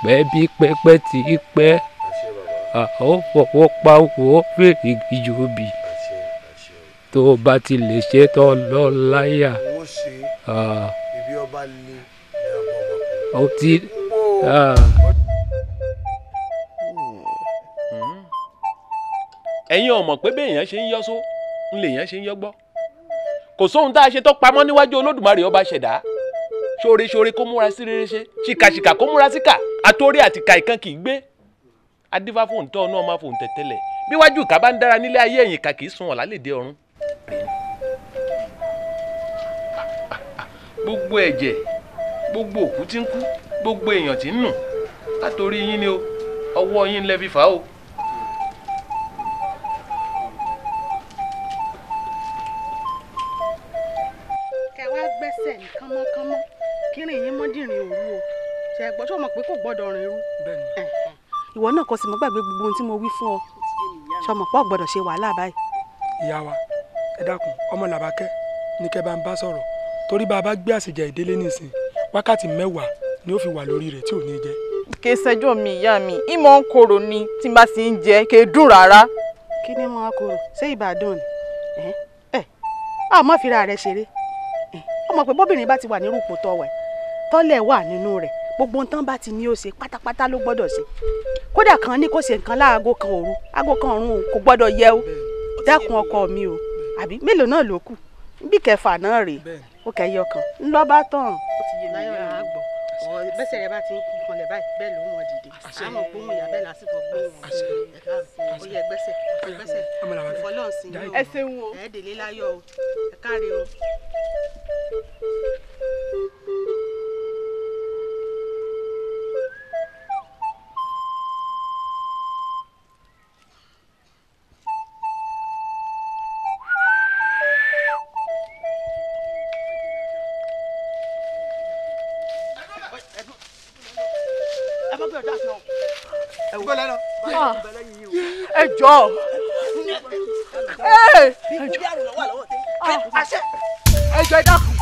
pẹ́ bí pẹ́pẹ́ tí í pẹ́ ó fọwọ́ pa owó fèrè gíjì òbí tó o bá ti lè ṣe tán lọ ibi ọba le ní abọ́ ọmọkùnrin. ẹ̀yin ò mọ̀ pé béèyàn ṣe ń yọ́ só ń lèèyàn ṣe ń yọ́ gbọ́ kò sóhun tá a ṣe tó pamọ́ níwájú olódùmarè ọba ṣẹ̀dá ṣoore-ṣoore kó múra sí rere ṣe ṣìkàṣìkà kó múra síkà àtórí àti ka ìkan kì í gbé adífá fòun tọ́ ọ̀nà ọmọ fòun tẹ̀tẹ̀lẹ̀ bíwájú ìka bá ń dára nílé ayé ẹ̀yìn ìka kì í sun ọ̀la lè dé ọ̀run. gbogbo ẹ̀jẹ̀ gbogbo òkú tí ń kú gbogbo èèyàn tí ń nù látòrí yín ni o ọwọ́ yín lẹ́fi fà á o. gbọ́dọ̀ rìn irú. ìwọ náà kò sì mọ́ gbàgbé gbogbo ohun tí mo wí fún ọ sọmọ pọ̀ gbọ́dọ̀ ṣe wàhálà báyìí. ìyá wa ẹ dákun ọmọ làbákẹ́ ní kẹ́ bá ń bá sọ̀rọ̀ torí bá a bá gbé àṣejẹ ìdílé nísìn wákàtí mẹ́wàá ni ó fi wà lórí rẹ̀ tí ò ní jẹ. kì í ṣẹjọ́ mi ìyá mi ìmọ̀ ń korò ni tí n bá sì ń jẹ kì í dùn rárá. kí ni mo korò ṣé ìbàdàn ni ẹ a má fira rẹ ṣeré ọmọ pé bóbìnrin bá ti wà nírú ipò tọwẹ tọ́lẹ̀ wà nínú rẹ̀ gbogbo nǹkan bá ti ní ó ṣe pátápátá ló gbọ́dọ̀ ṣe kódà kan ní kò ṣe nǹkan láago kan òru aago kan òrun kò gbọ́dọ̀ yẹ o dákun ọkọ mi o àbí mélòó náà ló kù bí kẹfà náà rèé ó kẹyọ kan ńlọ bá tàn. bẹ́sẹ̀ rẹ bá ti ń kanlẹ̀ báyìí bẹ́ẹ̀ ló mọ̀ dìde àmọ̀ gbóhùn ìyá bẹ́ẹ̀ lásìkò gbóhùn ẹ̀ka yẹ gbẹ́sẹ̀ gbẹ́sẹ̀ ìfọlọ́ọ̀sìn yìí ṣeun o ẹ̀ẹ́dẹ̀lẹ́láyọ̀ o ẹ̀ka jọ. ẹ jọ ẹ dákun.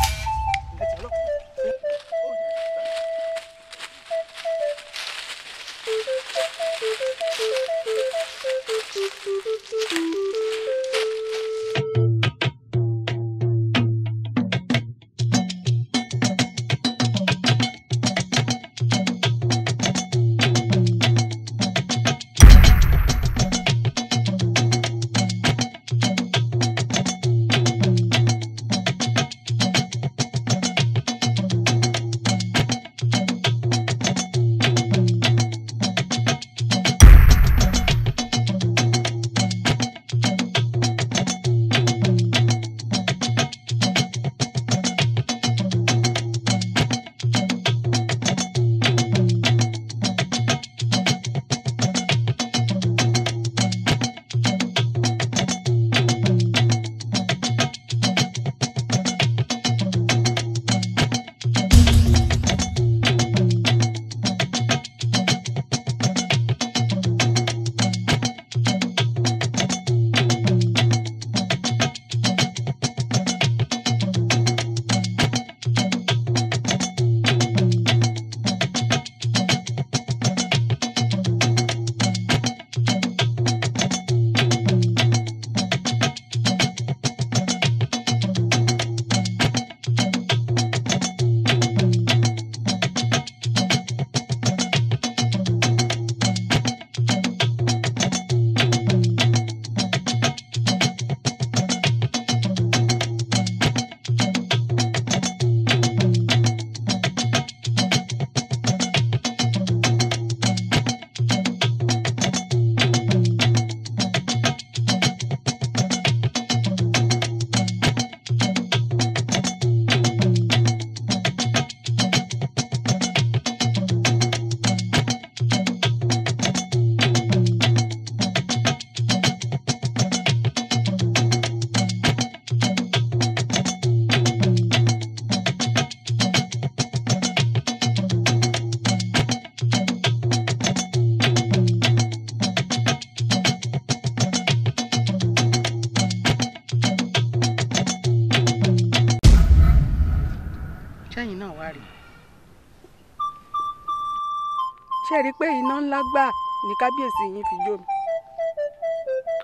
ní kábíyèsí yín fi jó mi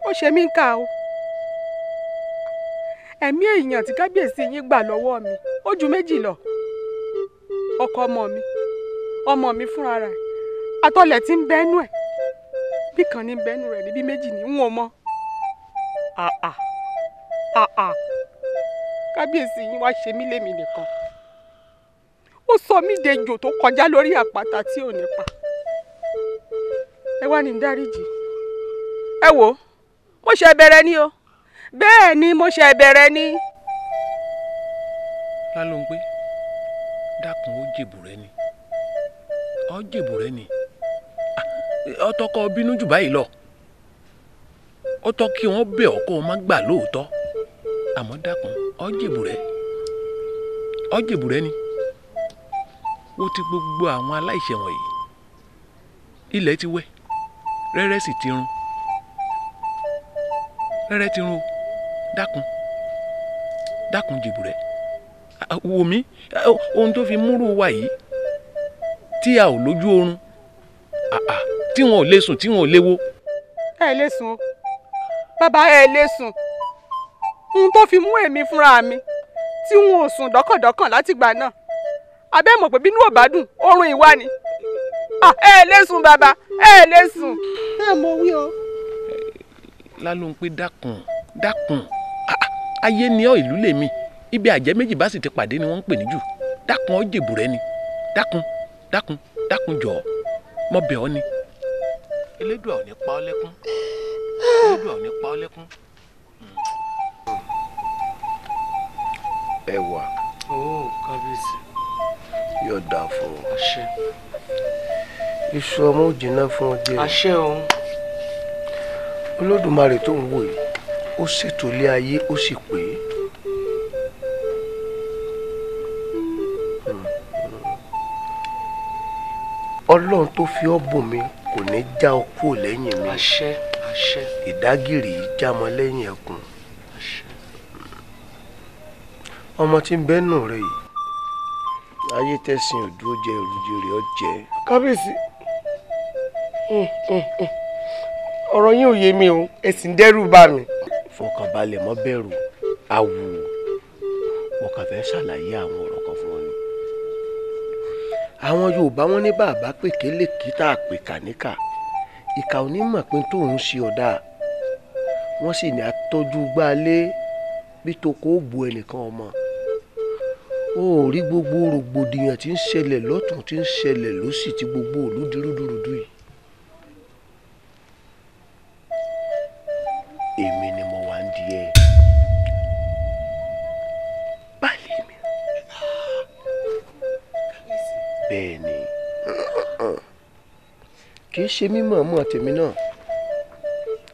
ó ṣe mí ká o ẹ̀mí èèyàn tí kábíyèsí yín gbà lọ́wọ́ mi ó ju méjì lọ ọkọ ọmọ mi ọmọ mi fúnra rẹ̀ atọ́lẹ̀ tí ń bẹ́nu ẹ̀ bí kan ní bẹ́nu rẹ̀ níbi méjì ní ń wọ́n mọ́ àà àà kábíyèsí yín wá ṣe mí lémi nìkan ó sọ mí dejò tó kọjá lórí àpáta tí ò ní pa bá ní dáríjì ẹ wò mo ṣe bẹ̀rẹ̀ ni o bẹ́ẹ̀ ni mo ṣe bẹ̀rẹ̀ ni. lálóńgbé dákun ó jèbù rẹ ni ó jèbù rẹ ni ọtọkọ ah, bínú jù báyìí lọ ó tọ́ kí wọ́n bẹ̀ ọ́ kó o má gbà lóòótọ́ àmọ́ dákun ó jèbù rẹ ó jèbù rẹ ni ó ti gbogbo àwọn aláìṣẹ̀ wọ̀nyí ilẹ̀ ti wẹ̀ rẹ́rẹ́ sì ti run rẹ́rẹ́ ti run o dákun dákun jìbù rẹ̀ wò mí ohun tó fi múrù wà yìí tí a ò lójú oorun tí wọn ò lè sùn tí wọn ò lè wo. ẹ lè sùn o bàbá ẹ lè sùn ohun tó fi mú èmi fúnra mi tí wọn ò sùn dọ́kàndọ́kàn látìgbà náà abẹ́ mọ̀ pé bínú ò bá dùn oorun ìwà ni ẹ lè sùn bàbá ẹ lè sùn. ẹ mọ wí o. lálóńpé dákun dákun ah, ayé ni ọ ìlú lèmi ibi àjẹ́ méjì bá sì ti pàdé ni wọ́n ń pè níjù dákun ọ jèbù rẹ ni dákun dákun dákun jọ mọ bẹ̀ ọ́ ni. elédùà ò ní pa ọ́ lẹ́kún elédùà ò ní pa ọ́ lẹ́kún. ẹ wà. ó oh, kábíyèsí. yóò dáa fún ọ iṣu ọmọ ò jìnnà fún ọ àṣẹ o. olódùmarè tó ń wò yìí ó ṣètò ilé ayé ó sì pè é. ọlọ́run tó fi ọ́ bùn mi kò ní já ọ kúrò lẹ́yìn mi. àṣẹ àṣẹ. ìdágìrì yìí já mọ́ lẹ́yìn ẹkùn. àṣẹ. ọmọ tí ń bẹ́ẹ̀ nù rẹ̀ yìí ayé tẹ̀sìn òdúró jẹ́ ìrújẹ rẹ̀ ọ jẹ́. kábíyèsí ọ̀rọ̀ yín ò yé mi o ẹ sì ń dẹ́rù bà mí. fọkànbalẹ̀ mọ́ bẹ̀rù awù mo kàn fẹ́ ṣàlàyé àwọn ọ̀rọ̀ kan fún ọ ni. àwọn Yorùbá wọn ní bàbá pè kélékì tá a pè kàníkà ìkà ò pé tó ń ṣe ọ̀dà wọ́n sì ní atọ́jú gbálé bí toko ó bu ẹnìkan ọmọ ó rí gbogbo rògbòdìyàn tí ń ṣẹlẹ̀ lọ́tún tí ń ṣẹlẹ̀ lọ́sì tí gbogbo òlú yìí èmi ni mo wà ń di ẹ. baálé mi. bẹ́ẹ̀ ni kì í ṣe mí mọ̀ọ́mọ̀ tèmi náà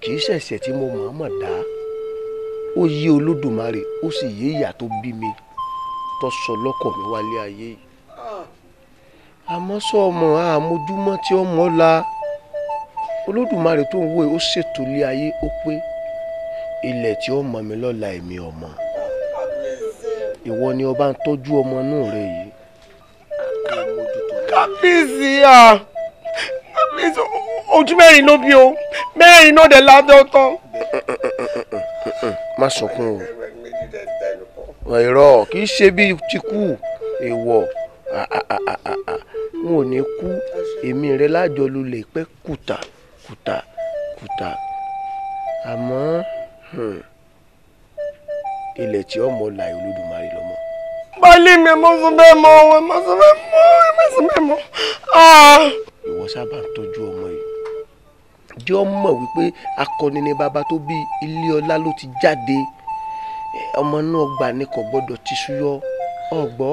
kì í ṣẹ̀ṣẹ̀ tí mo mọ̀ọ́mọ̀ dá ó yé olódùmarè ó sì yé ìyá tó bí mi tó sọ lọ́kọ̀ mi wálé ayé yìí àmọ́ sọ ọmọ àmójúmọ́ tí ọmọ la olódùmarè tó ń wò ó ṣètò ilé ayé ó pé ilẹ̀ tí ó mọ̀ mí lọ́la èmi ọmọ ìwọ ni ọba ń tọ́jú ọmọ inú rẹ yìí. kábíyèsí à kábíyèsí ojú mẹ́rin ló bí o mẹ́rin náà dẹ̀ lábẹ́ ọ̀tọ̀. má sọkún o irọ́ kì í ṣe bíi ti kú èèwọ̀ n ò ní kú èmi rẹ lájọ lulẹ̀ pẹ́ kùtà kùtà kùtà àmọ́. Hmm. ilẹ̀ tí ọmọ la olódùmarè lọ́mọ. baálé mi mo sọ bẹ́ẹ̀ mọ́ wọn mo sọ bẹ́ẹ̀ mọ́ wọn mo sọ bẹ́ẹ̀ mọ́. Ah. ìwọ sábà ń tọ́jú ọmọ yìí jẹ́ ọmọ wípé akọni ni bàbá tó bí ilé ọlá ló ti jáde ọmọ náà gbà ní kò gbọ́dọ̀ ti súyọ́ ọ̀gbọ́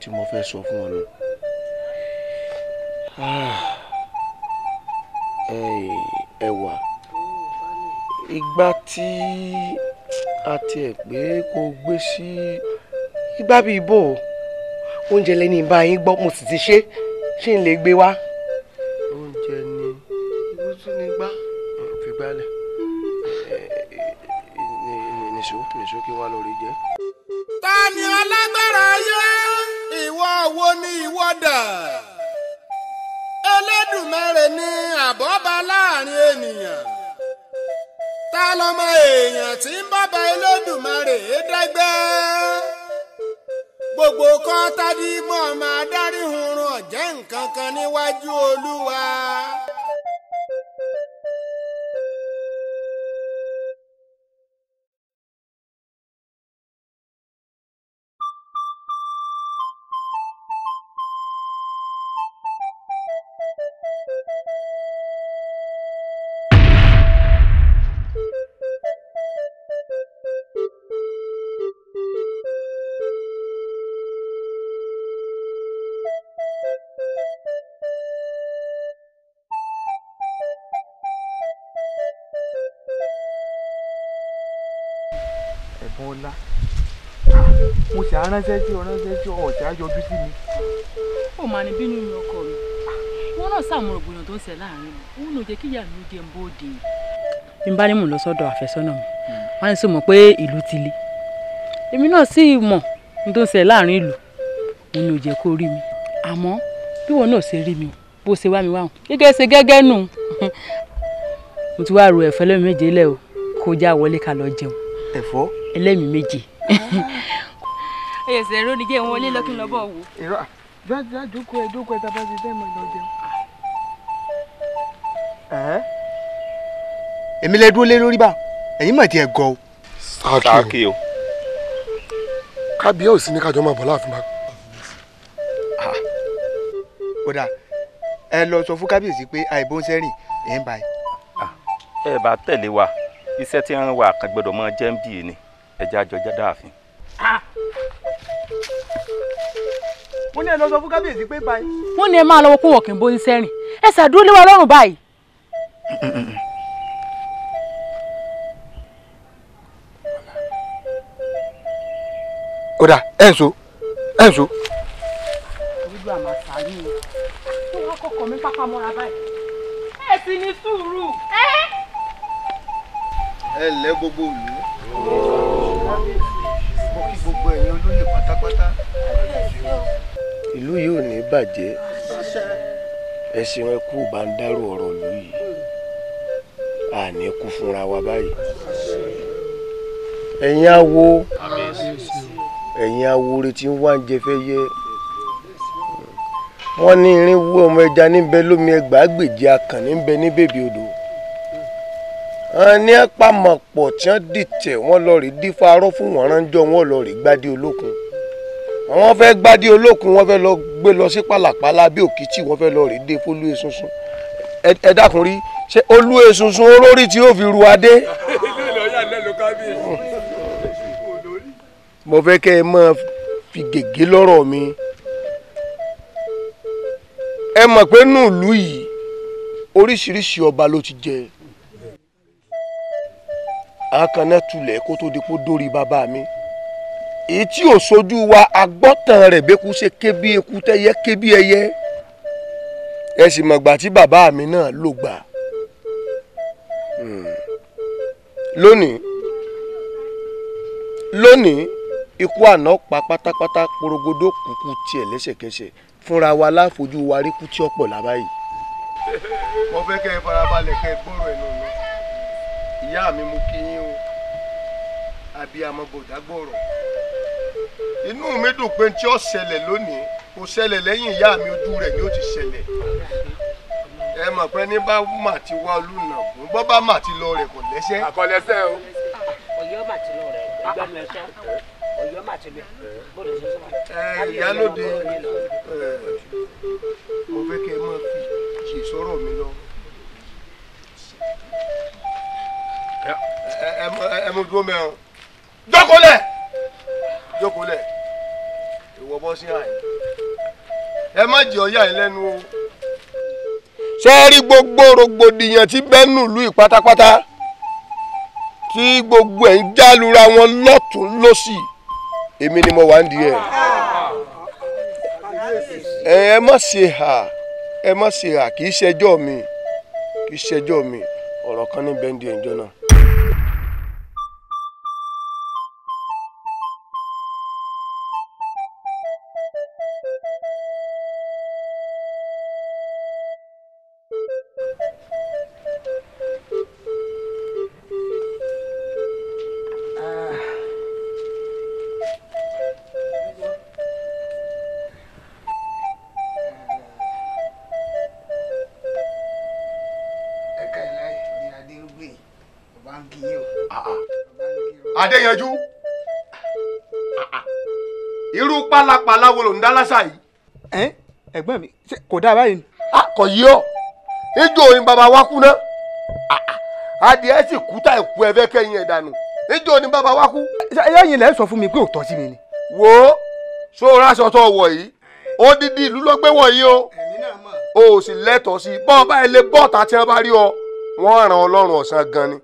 tí mo fẹ́ sọ fún ọ náà. Igba tí a tiẹ̀ pé kò gbé sí ìgbà bíi bò oúnjẹ lẹ́ni ìbá yín gbọ́ mo sì ti ṣe ṣé n lè gbé wá. ránṣẹ́ tí o ránṣẹ́ tí o ọ̀tí àjọjú sí mi. ó máa ní bínú mi ọkọ mi wọn náà sàmúrò gbìyànjú tó ń ṣe láàrin mi òun ló jẹ kí ìyá mi ó jẹ ń bóde. bí n bá ní mò ń lọ sọ́dọ̀ àfẹ́sọ́nà mi hmm. wọ́n ní sọ mọ̀ pé ìlú ti le èmi náà sì mọ̀ ní tó ń ṣe láàrin ìlú òun ló jẹ kó rí mi àmọ́ bí wọn náà ṣe rí mi bó ṣe wá mi wáhùn mo ti wá ro ẹ̀fọ́ ẹlẹ́mìí méje lẹ́ o kó já wọlé ká lọ jẹun ẹ̀fọ́ ẹlẹ́mìí méje ah. ẹsẹ̀ ẹ̀rọ ni gé wọn lé lọ́kí lọ́bọ̀ wò. ìrọ jọjọ jókòó ẹ jókòó ẹ tá a bá ti tẹ́ mọ̀ lọ jẹun. èmi lè dúró lé lórí bá ẹ̀yin mọ̀ tí ẹ gọ o. sáàkì o. kábíyèsí ní kájọ máa bọ̀ láàfin bá. Ah. kódà ẹ lọ sọ fún kábíyèsí pé àìbọn sẹ́rìn ẹ̀ ń bá ah. ẹ. bá tẹ̀lé wa iṣẹ́ tí ń wà kàn gbọ́dọ̀ máa jẹ́ ń bì í ni ẹ jẹ́ àjọ jáde mo ní ẹ lọ sọ fún kábíyèsí pé báyìí. wọ́n ní ẹ máa lọ́wọ́ kó wọ̀ kí n borí sẹ́rìn ẹ ṣàdúró lé wa lọ́rùn báyìí. ó dà ẹ̀ ń so ẹ̀ ń so. ojú àmà sàárì o tó wá kọkọ mi pápá mọ́ra báyìí ẹ sì ní sùúrù. ẹ lẹ́ gbogbo ìlú. mo kí gbogbo ẹ̀yin olóyè pátápátá ìlú yìí ò ní bàjẹ́ ẹ̀sìn rẹ kú bá ń dárò ọ̀rọ̀ ìlú yìí àní kú fúnra wa báyìí ẹ̀yin awo ẹ̀yin awo retí ń wá ń jẹ fẹ́ yẹ wọ́n ní irínwó ọmọ ẹja níbẹ̀ lómi ẹgbàágbèje akàn níbẹ̀ ní bèbí odò wọn ní apamọ̀pọ̀ tí wọ́n dìtẹ̀ wọ́n lọ rí dífá arọ́ fún wọn ránjọ́ wọn lọ rí gbádé olókun àwọn fẹ́ gbádé olókun wọ́n fẹ́ lọ gbé lọ sí pàlàpàlà bí òkìtì wọ́n fẹ́ lọ rèé dé fólú esunsun ẹ dákun rí ṣe olú esunsun olórí tí yóò fi ru adé. mo fẹ́ kẹ́ ẹ máa fi gègé lọ́rọ̀ mi ẹ mọ̀ pé nù ìlú yìí oríṣiríṣi ọba ló ti jẹ àkànnà tulẹ̀ kó tó di kó dórí bàbá mi. Mm -hmm èyí tí wa agbọ́tàn rẹ̀ bẹ́kú ṣe ké bí eku tẹ́yẹ ké bí ẹyẹ ẹ sì mọ̀gbà tí bàbá mi náà lò gbà hmm. lónìí lónìí ikú àná pa pátápátá porogodo kùkù tiẹ̀ lẹ́sẹ̀kẹsẹ̀ fúnra wa láfojú wa rí kú tí ọ̀pọ̀ lábá yìí. mo fẹ́ kẹ́ ẹ farabalẹ̀ kẹ́ ẹ gbọ́rọ̀ ẹnu mi ìyá mi mú kí yín o àbí amọ̀gbọ̀dá gbọ́rọ̀ inú mi dùn pé tí ó ṣẹlẹ̀ lónìí kò ṣẹlẹ̀ lẹ́yìn ìyá mi ojú rẹ̀ ni ó ti ṣẹlẹ̀ ẹ mọ̀ pé ní bá mà ti wá olùnàgún bọ́ bá mà ti lọ rẹ̀ kò lẹ́sẹ̀. àkọlẹsẹ o. ọ̀yọ́ mà ti lọ rẹ̀ ìgbẹ́nu ẹ̀ṣẹ́ ọ̀yọ́ mà ti lọ bọ́dọ̀ ṣe sọ́wọ́. ẹ ìyálòde mo fẹ́ kẹ́ ẹ máa fi ìṣòro mi lọ. ẹ ẹ mọ dúró mẹ́rin. dọ́kọ̀lẹ̀ jókòó lẹ̀ ìwọ bọ́ sí àyè ẹ má jẹ́ ọ̀yà yín lẹ́nu o. ṣé rí gbogbo rògbòdìyàn tí bẹ́ẹ̀nù lù í pátápátá tí gbogbo ẹ̀ ń jálura wọn lọ́tún lọ́sì èmi ni mo wà ń di ẹ̀. ẹ má ṣe hà ẹ má ṣe hà kì í ṣẹjọ́ mi kì í ṣẹjọ́ mi ọ̀rọ̀ kan ní bẹ́ẹ̀ ń di ẹ̀jọ́ náà. yanjú irú pálapàla wo ló ń dá lásà yìí. ẹ ẹ̀gbọ́n mi kò dáa báyìí ni. a kò yí ọ ijó ni bàbá wa kú náà adìẹ sì kú tá ìkú ẹfẹ kẹyìn ẹ dànù ijó ni baba wa kú. ẹyìn ilẹ̀ sọ fún mi pé ò tọ́ sí mi ni. wo sóra aṣọ tó wọ̀ yìí odidi ìlú ló gbé wọ̀nyí o o sì lẹ́tọ̀ọ́ sí bọ́ọ̀ báyìí lè bọ́ọ̀tà tí wọ́n bá rí ọ wọ́n ràn ọlọ́run ọ̀sán gan ni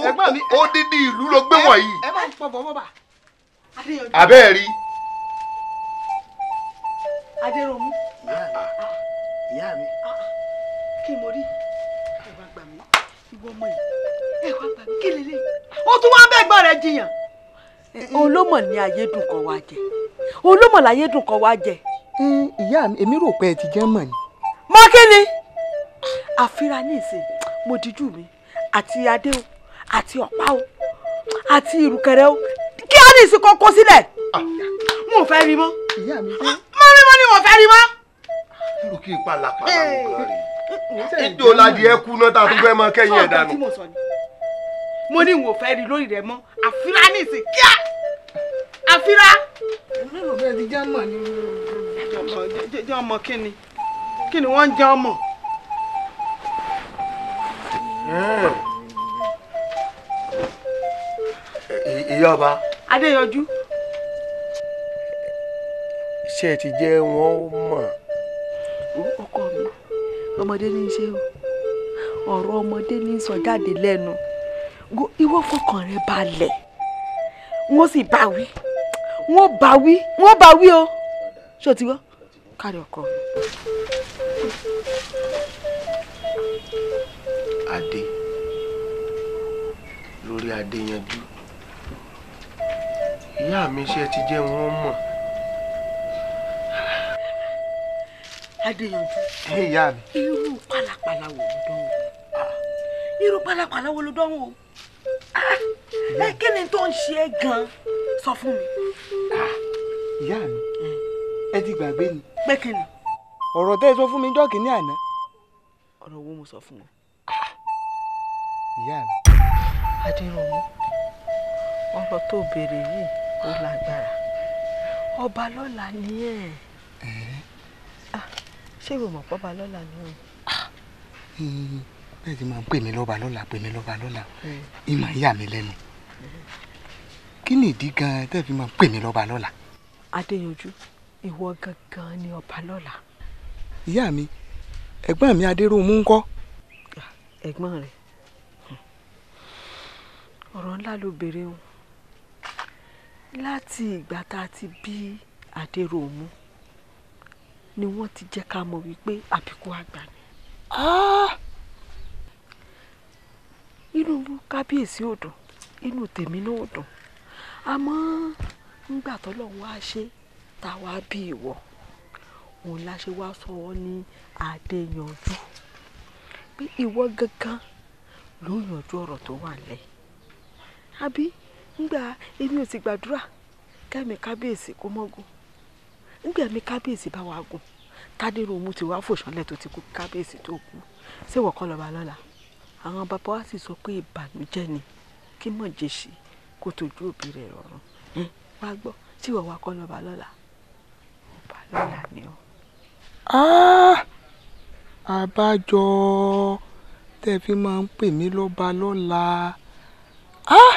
ẹ̀gbọ́n mi. odidi ìlú ló gbé wọ̀nyí. ẹ máa ń pọ̀ bọ̀ bọ̀bà. abẹ́ẹ̀ rí. adéròmù. Ah, ah. ìyá mi. Ah, kí mo rí ẹ wá gbà mí ìwọ ọmọ yìí ẹ wá gbà mí kí lélẹ̀. o tún wá bẹ́ẹ̀ gbọ́ rẹ jiyàn. Eh, olómọ ni ayédùn kan wá jẹ olómọ láyédùn kan wá jẹ. ìyá mi èmi rò pé ẹ ti jẹ́ mọ̀ ni. mọ́ kí ni àfira ní ìsìn mo dijú mi àti adé àti ọ̀pá o àti ìrùkẹ̀rẹ̀ o kí á ní ìsìnkú kó sílẹ̀ ah, mo ò fẹ́ rí mọ́ mo rí mọ́ ni mo fẹ́ rí mọ́. irú kí ipa làpá làwọn kan rí ìjọ ládìí ẹkú náà tá a tún fẹ́ mọ kẹ́yìn ẹ̀ dànù. Ah, mo ní ìwò fẹ́ rí lórí rẹ̀ mọ́ àfírá ní ìsìn kíá àfírá. mélòó bẹ́ẹ̀ ti jẹ́ mọ̀ ni. jẹ́ ọmọ kí ni kí ni wọ́n ń jẹ́ ọmọ. Eh, ìyá ọba. adéyanjú. ṣé ẹ ti jẹ́ wọ́n mọ̀. ọkọ mi ọmọdé ní í ṣe o ọ̀rọ̀ ọmọdé ní í sọ jáde lẹ́nu ìwọ fọkàn rẹ balẹ̀ wọ́n sì bá wí wọ́n bá wí wọ́n bá wí o ṣé ti gbọ́ kárí ọkọ adé lórí adé yanjú ìyá mi ṣe ti jẹ́ wọ́n mọ̀. adéyanjú ìyá mi irú pálapàla wo ló dánwò irú pálapàla wo ló dánwò ẹ kí ni tó ń ṣe é gan sọ fún mi. Ah, ìyá mi hmm. ẹ ti gbàgbé ni. pé kí ni. ọ̀rọ̀ tẹ́ ẹ sọ fún mi jọ́ kìíní àná. ọ̀rọ̀ wo mo sọ fún ọ. Ah, ìyá mi. adéròmù ọ̀rọ̀ tó béèrè yìí ó lágbára ọba lọ́la ni ẹ̀ ah, ṣé ìwọ mọ̀ pọ́ba lọ́la ni o. Hmm, bẹ́ẹ̀ ti máa ń pè mí lọ́ba lọ́la pè mí lọ́ba lọ́la ì hmm. máa ń yà mí lẹ́nu kí ni ìdí gan-an tẹ́ fi máa ń pè mí lọ́ba lọ́la. adéyanjú ìwọ gangan ni ọba lọ́la. ìyá mi ẹ̀gbọ́n mi adéròmú ń kọ́. Ah, ẹ̀gbọ́n rẹ̀ hmm. ọ̀rọ̀ ńlá ló béèrè o láti ìgbà tá a ti bí adéròmù ni wọ́n ti jẹ́ ká mọ̀ wípé àbíkú àgbà ni. Ah! inú kábíyèsí ò dùn inú tèmi náà ò dùn àmọ́ ńgbà tọ́lọ́run wá ṣe tá a wá bí ìwọ òun la ṣe wá sọ ọ́ ní adéyanjú pé ìwọ gangan ló yanjú ọ̀rọ̀ tó wà lẹ̀ àbí ngbà èmi ò sì gbàdúrà kẹ́mi kábíyèsí kó mọ́gun ngbà mi kábíyèsí bá wa gùn kádìrún òmu ti wá fòṣánlẹ̀ tó ti kú kábíyèsí tó kú ṣé wọ́n kọ́ lọ́ba lọ́la àwọn bàbá wa sì sọ pé ìbànújẹ́ ni kí mọ̀ jèṣì kó tójú òbí rẹ̀ rọrùn hm, wá gbọ́ tí wọ́n wá kọ́ lọ́ba lọ́la ọba lọ́la ni o. àbájọ ah! tẹ́ fi máa ń pè mí lọ́ba lọ́la. Ah!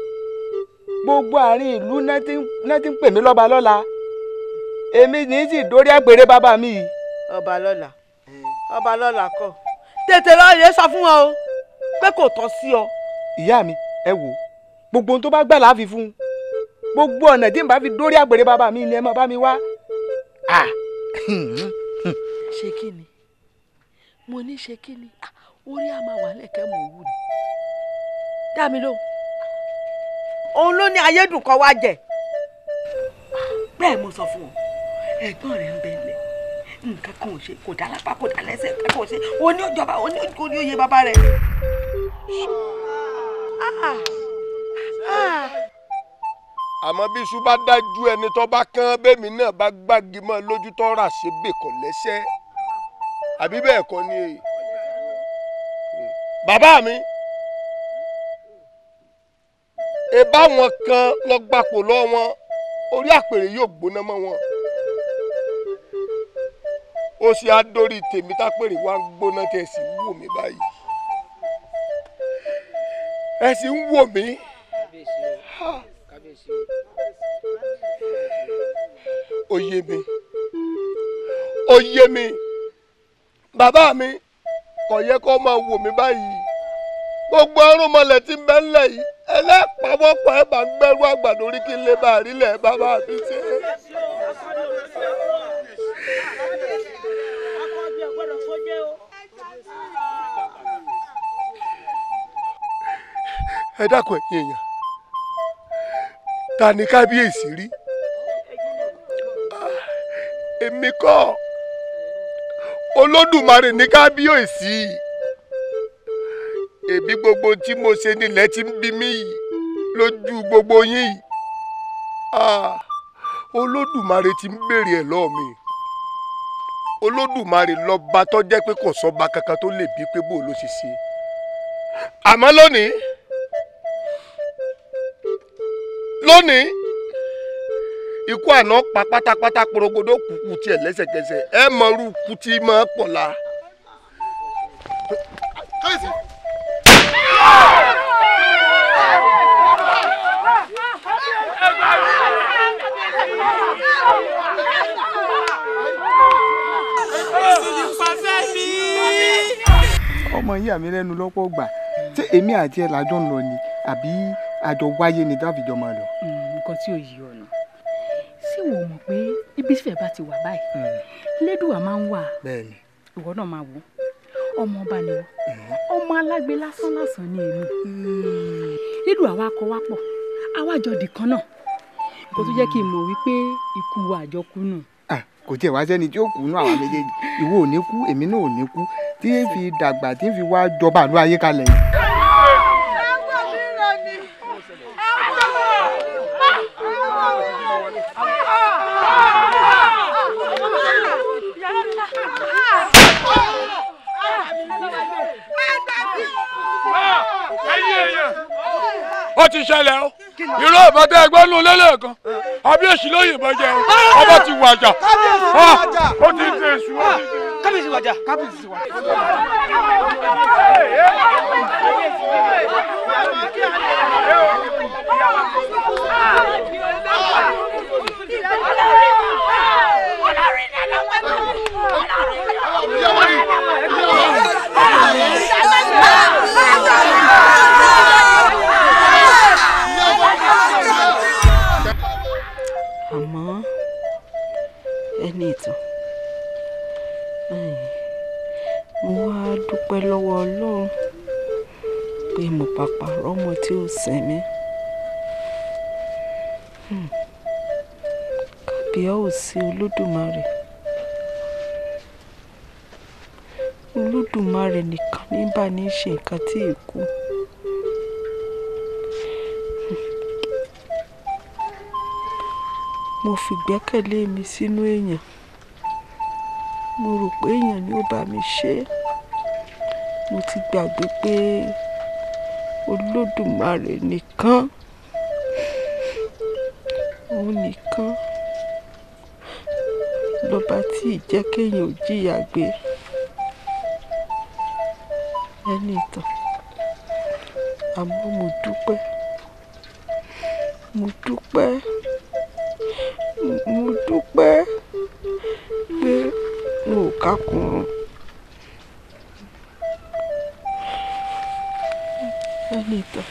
gbogbo àárín ìlú náà ti ń pè mí lọ́ba lọ́la èmi ní sì dórí àpèrè bàbá mi. ọba lọ́la ọba lọ́la kọ tètè lọ rèé sọ fún ọ o pé kò tọ́ sí ọ. ìyá mi ẹ wò gbogbo ohun tó bá gbà láàfin fún gbogbo ọ̀nà tí n bá fi dórí àpèrè bàbá mi ni ẹ máa bá mi wá. ṣé kí ni mo ní ṣe kí ni orí àmàwálẹ̀ kẹ́ mò wù ní dá mi lóhùn òun ló ní ayédùn kan wá jẹ bẹ́ẹ̀ mo sọ fún ọ ẹ̀gbọ́n rẹ̀ ń bẹ lẹ̀ nǹkan kan ò ṣe kò dá lápá kò dá lẹ́sẹ̀ nǹkan kan ò ṣe òun ní òjọba òun bàbá rẹ̀. àmọ́ bí iṣu bá dájú ẹni tó bá kán bẹ́ẹ̀mí náà bá gbági mọ́ lójú tó rà ṣe bèkọ̀ lẹ́sẹ̀ àbí bẹ́ẹ̀ kọ́ ni. bàbá mi ìbá wọn kan lọ gbapò lọ wọn orí àpèrè yóò gbóná mọ́ wọn ó ṣe àdórí tèmi tápèrè wá ń gbóná tẹ̀ sí wò mí báyìí ẹ ń wò mí. ó mi ó mi bàbá mi kò yẹ kó máa wò mí báyìí gbogbo ọrùn mọlẹ tí bẹ ńlẹ̀ yìí ẹlẹ́pàwọ́pọ̀ ẹ̀ bá gbẹ́rú àgbàdo orí kí n lè bá àrílẹ̀ bàbá mi ṣe. ẹ dákun ẹ̀yin èèyàn ta ni kábíyèsí rí èmi kọ́ Olódùmarè ni kábíyèsí yìí èbí gbogbo tí mo ṣe nílẹ̀ ti ń bí mí yìí lójú gbogbo yín yìí ah, olódùmarè ti ń béèrè ẹ̀ lọ́ọ̀ mi olódùmarè lọ́ba tó jẹ́ pé kò sọ́ba kankan tó lè bí pé bó ló ṣe ṣe àmọ́ lónìí lónìí ikú àná pa pátápátá porogodo kùkù tiẹ̀ lẹ́sẹ̀kẹsẹ̀ ẹ mọ̀ọ́rù kùtì mọ́ pọ̀ mọ yíyà mi lẹ́nu lọ́pọ̀ gbà ṣé èmi àti ẹ̀ lájọ́ ń lọ ni àbí àjọ wáyé ni dáfíjọ máa lọ. Mm, nǹkan tí ò yí ọ̀nà sí wo mọ̀ pé ibi tí fẹ́ bá ti wà báyìí hmm. lẹ́dùwà máa ń wà ìwọ náà máa wò ọmọ ọba ni wọ́n hmm. ọmọ alágbe lásán lásán ni èmi hmm. lẹ́dùwà wa kọ wá pọ̀ àwa jọ dìkan náà nǹkan tó jẹ́ kí n mọ̀ wípé ikú wa àjọkú nù kò tiẹ̀ wá sẹ́ni tí ó kú nú àwọn méjèèjì ìwọ ò ní kú èmi náà ò ní kú tí ń fi dàgbà tí ń fi wá jọba ìlú ayé kalẹ̀ ó ti ṣẹlẹ̀ o irú ọba tẹ ẹgbẹ́ nù lélẹ̀ kan àbí èsì ló yìnbọn jẹ ọba ti wàjà ó ti ń tẹ èṣù. kábíyèsí wàjà kábíyèsí wàjà. Yeah. mo wá dúpẹ́ lọ́wọ́ ọlọ́run pé mo pàpà rọ́mọ tí ò sẹ́mi kábíyá ò sí olódùmarè olódùmarè nìkan ní bá ní ṣe nǹkan tí hmm. mo fi gbẹ́kẹ̀lé mi sínú èèyàn mo rò pé èèyàn ni ó bá mi ṣe é. mo ti gbàgbé pé olódùmarè nìkan òun nìkan lọ́ba tí ìjẹ́ kéèyàn ò jìyà gbé ẹni ìtàn àmọ́ mo dúpẹ́ mo dúpẹ́ mo dúpẹ́ pé mo ò kákùnrún. manguito.